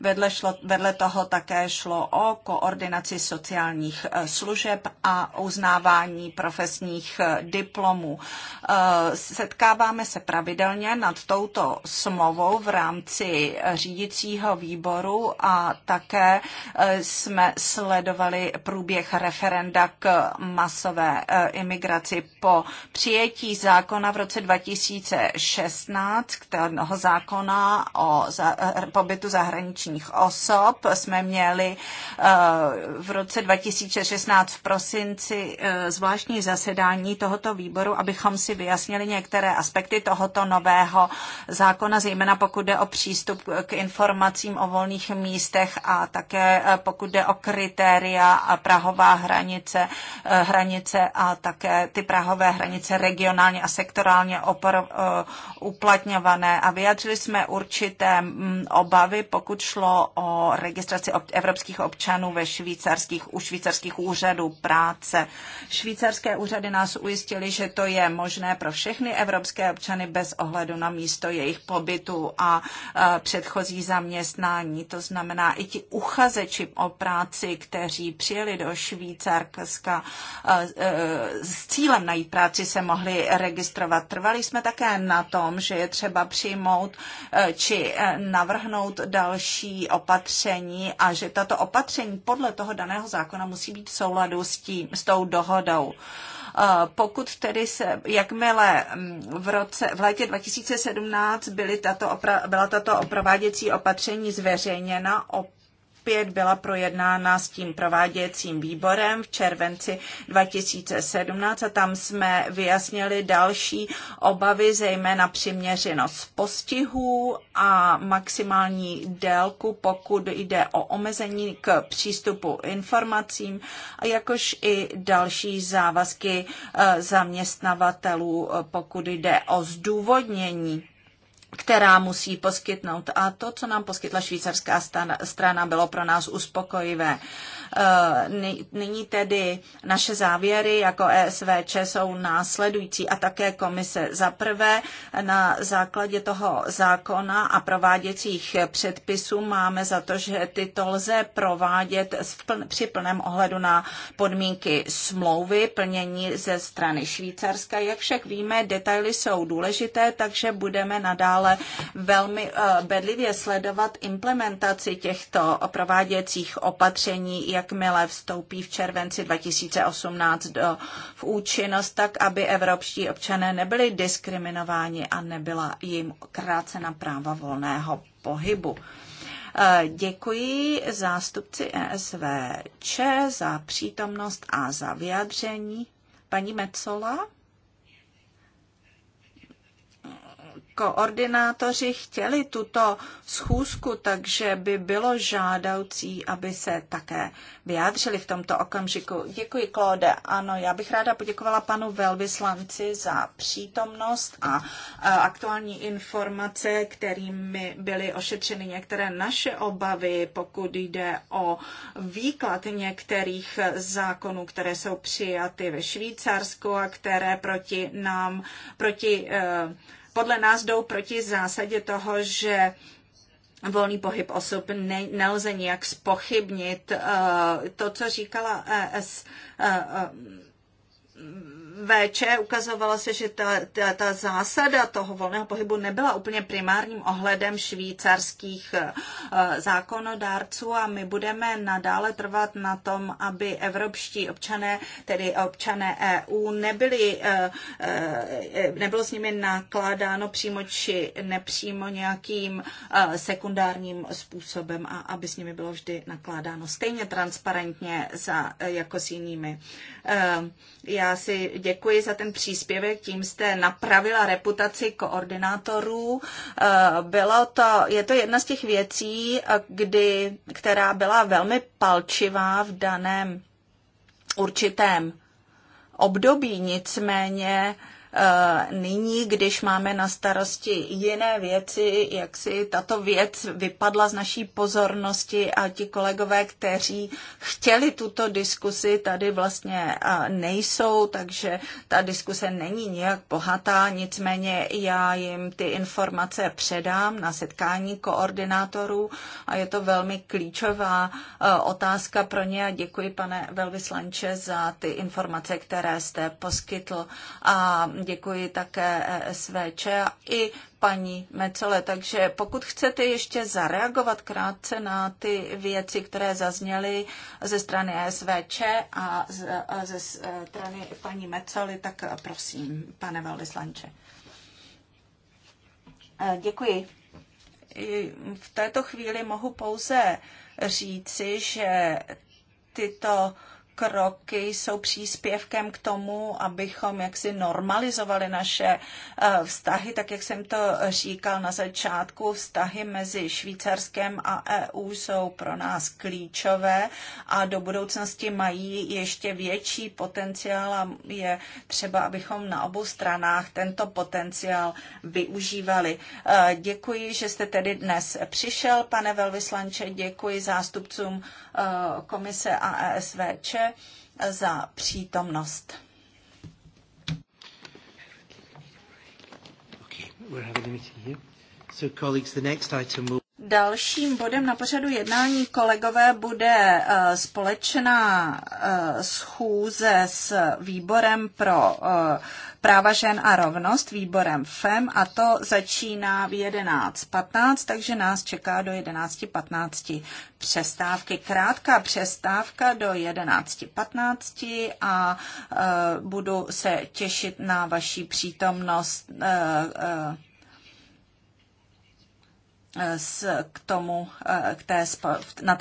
Vedle, šlo, vedle toho také šlo o koordinaci sociálních e, služeb a uznávání profesních e, diplomů. Setkáváme se pravidelně nad touto smlouvou v rámci řídicího výboru a také jsme sledovali průběh referenda k masové imigraci po přijetí zákona v roce 2000 2016, toho zákona o za, pobytu zahraničních osob, jsme měli eh, v roce 2016 v prosinci eh, zvláštní zasedání tohoto výboru, abychom si vyjasnili některé aspekty tohoto nového zákona, zejména pokud jde o přístup k informacím o volných místech a také eh, pokud jde o kritéria a prahová hranice, hranice a také ty prahové hranice regionálně a sektorálně Eh, uplatňované a vyjadřili jsme určité mm, obavy, pokud šlo o registraci evropských občanů ve švýcarských, u švýcarských úřadů práce. Švýcarské úřady nás ujistili, že to je možné pro všechny evropské občany bez ohledu na místo jejich pobytu a eh, předchozí zaměstnání. To znamená, i ti uchazeči o práci, kteří přijeli do Švýcarska eh, s cílem najít práci, se mohli registrovat trvalý jsme také na tom, že je třeba přijmout eh, či eh, navrhnout další opatření a že tato opatření podle toho daného zákona musí být v souladu s, tím, s tou dohodou eh, pokud tedy se, jakmile mm, v, roce, v létě 2017 byly tato opra, byla tato prováděcí opatření zveřejněna, op, opět byla projednána s tím prováděcím výborem v červenci 2017 a tam jsme vyjasnili další obavy, zejména přiměřenost postihů a maximální délku, pokud jde o omezení k přístupu informacím, a jakož i další závazky eh, zaměstnavatelů, eh, pokud jde o zdůvodnění která musí poskytnout. A to, co nám poskytla švýcarská strana, bylo pro nás uspokojivé. Eh, Nyní tedy naše závěry jako ESVČ jsou následující a také komise. Za prvé, na základě toho zákona a prováděcích předpisů máme za to, že tyto lze provádět při plném ohledu na podmínky smlouvy, plnění ze strany Švýcarska. Jak však víme, detaily jsou důležité, takže budeme nadále velmi eh, bedlivě sledovat implementaci těchto prováděcích opatření, jakmile vstoupí v červenci 2018 do, eh, v účinnost, tak aby evropští občané nebyli diskriminováni a nebyla jim krácena práva volného pohybu. Eh, děkuji zástupci ESVČ za přítomnost a za vyjádření. Paní Mecola? koordinátoři chtěli tuto schůzku, takže by bylo žádoucí, aby se také vyjádřili v tomto okamžiku. Děkuji, Klóde. Ano, já bych ráda poděkovala panu velvyslanci za přítomnost a aktuální informace, kterými byly ošetřeny některé naše obavy, pokud jde o výklad některých zákonů, které jsou přijaty ve Švýcarsku a které proti nám, proti uh, podle nás jdou proti zásadě toho, že volný pohyb osob ne, nelze nijak spochybnit. Eh, to, co říkala uh, VČ ukazovalo se, že ta, ta, ta zásada toho volného pohybu nebyla úplně primárním ohledem švýcarských eh, zákonodárců a my budeme nadále trvat na tom, aby evropští občané, tedy občané EU, nebyli, eh, eh, nebylo s nimi nakládáno přímo či nepřímo nějakým sekundárním způsobem a aby s nimi bylo vždy nakládáno stejně transparentně za, jako s jinými. Já si děkuji děkuji za ten příspěvek, tím jste napravila reputaci koordinátorů. Eh, Bylo to, je to jedna z těch věcí, eh, kdy, která byla velmi palčivá v daném určitém období, nicméně Eh, nyní, když máme na starosti jiné věci, jak si tato věc vypadla z naší pozornosti a ti kolegové, kteří chtěli tuto diskusi, tady vlastně eh, nejsou, takže ta diskuse není nijak bohatá, nicméně já jim ty informace předám na setkání koordinátorů a je to velmi klíčová eh, otázka pro ně a děkuji pane velvyslanče za ty informace, které jste poskytl. A děkuji také e SVČ a i paní Mecole. Takže pokud chcete ještě zareagovat krátce na ty věci, které zazněly ze strany e SVČ a ze strany paní Mecoli, tak prosím, pane velvyslanče. E, děkuji. V této chvíli mohu pouze říci, že tyto kroky jsou příspěvkem k tomu, abychom jaksi normalizovali naše eh, vztahy, tak jak jsem to říkal na začátku, vztahy mezi Švýcarskem a EU jsou pro nás klíčové a do budoucnosti mají ještě větší potenciál a je třeba, abychom na obou stranách tento potenciál využívali. Eh, děkuji, že jste tedy dnes přišel, pane velvyslanče, děkuji zástupcům eh, komise a ESVČ za přítomnost. Okay, we're having a meeting here. So colleagues, the next item will... Dalším bodem na pořadu jednání kolegové bude eh, společná eh, schůze s výborem pro eh, práva žen a rovnost, výborem FEM a to začíná v 11.15, takže nás čeká do 11.15 přestávky. Krátká přestávka do 11.15 a budu se těšit na vaší přítomnost k tomu, eh, k té, na,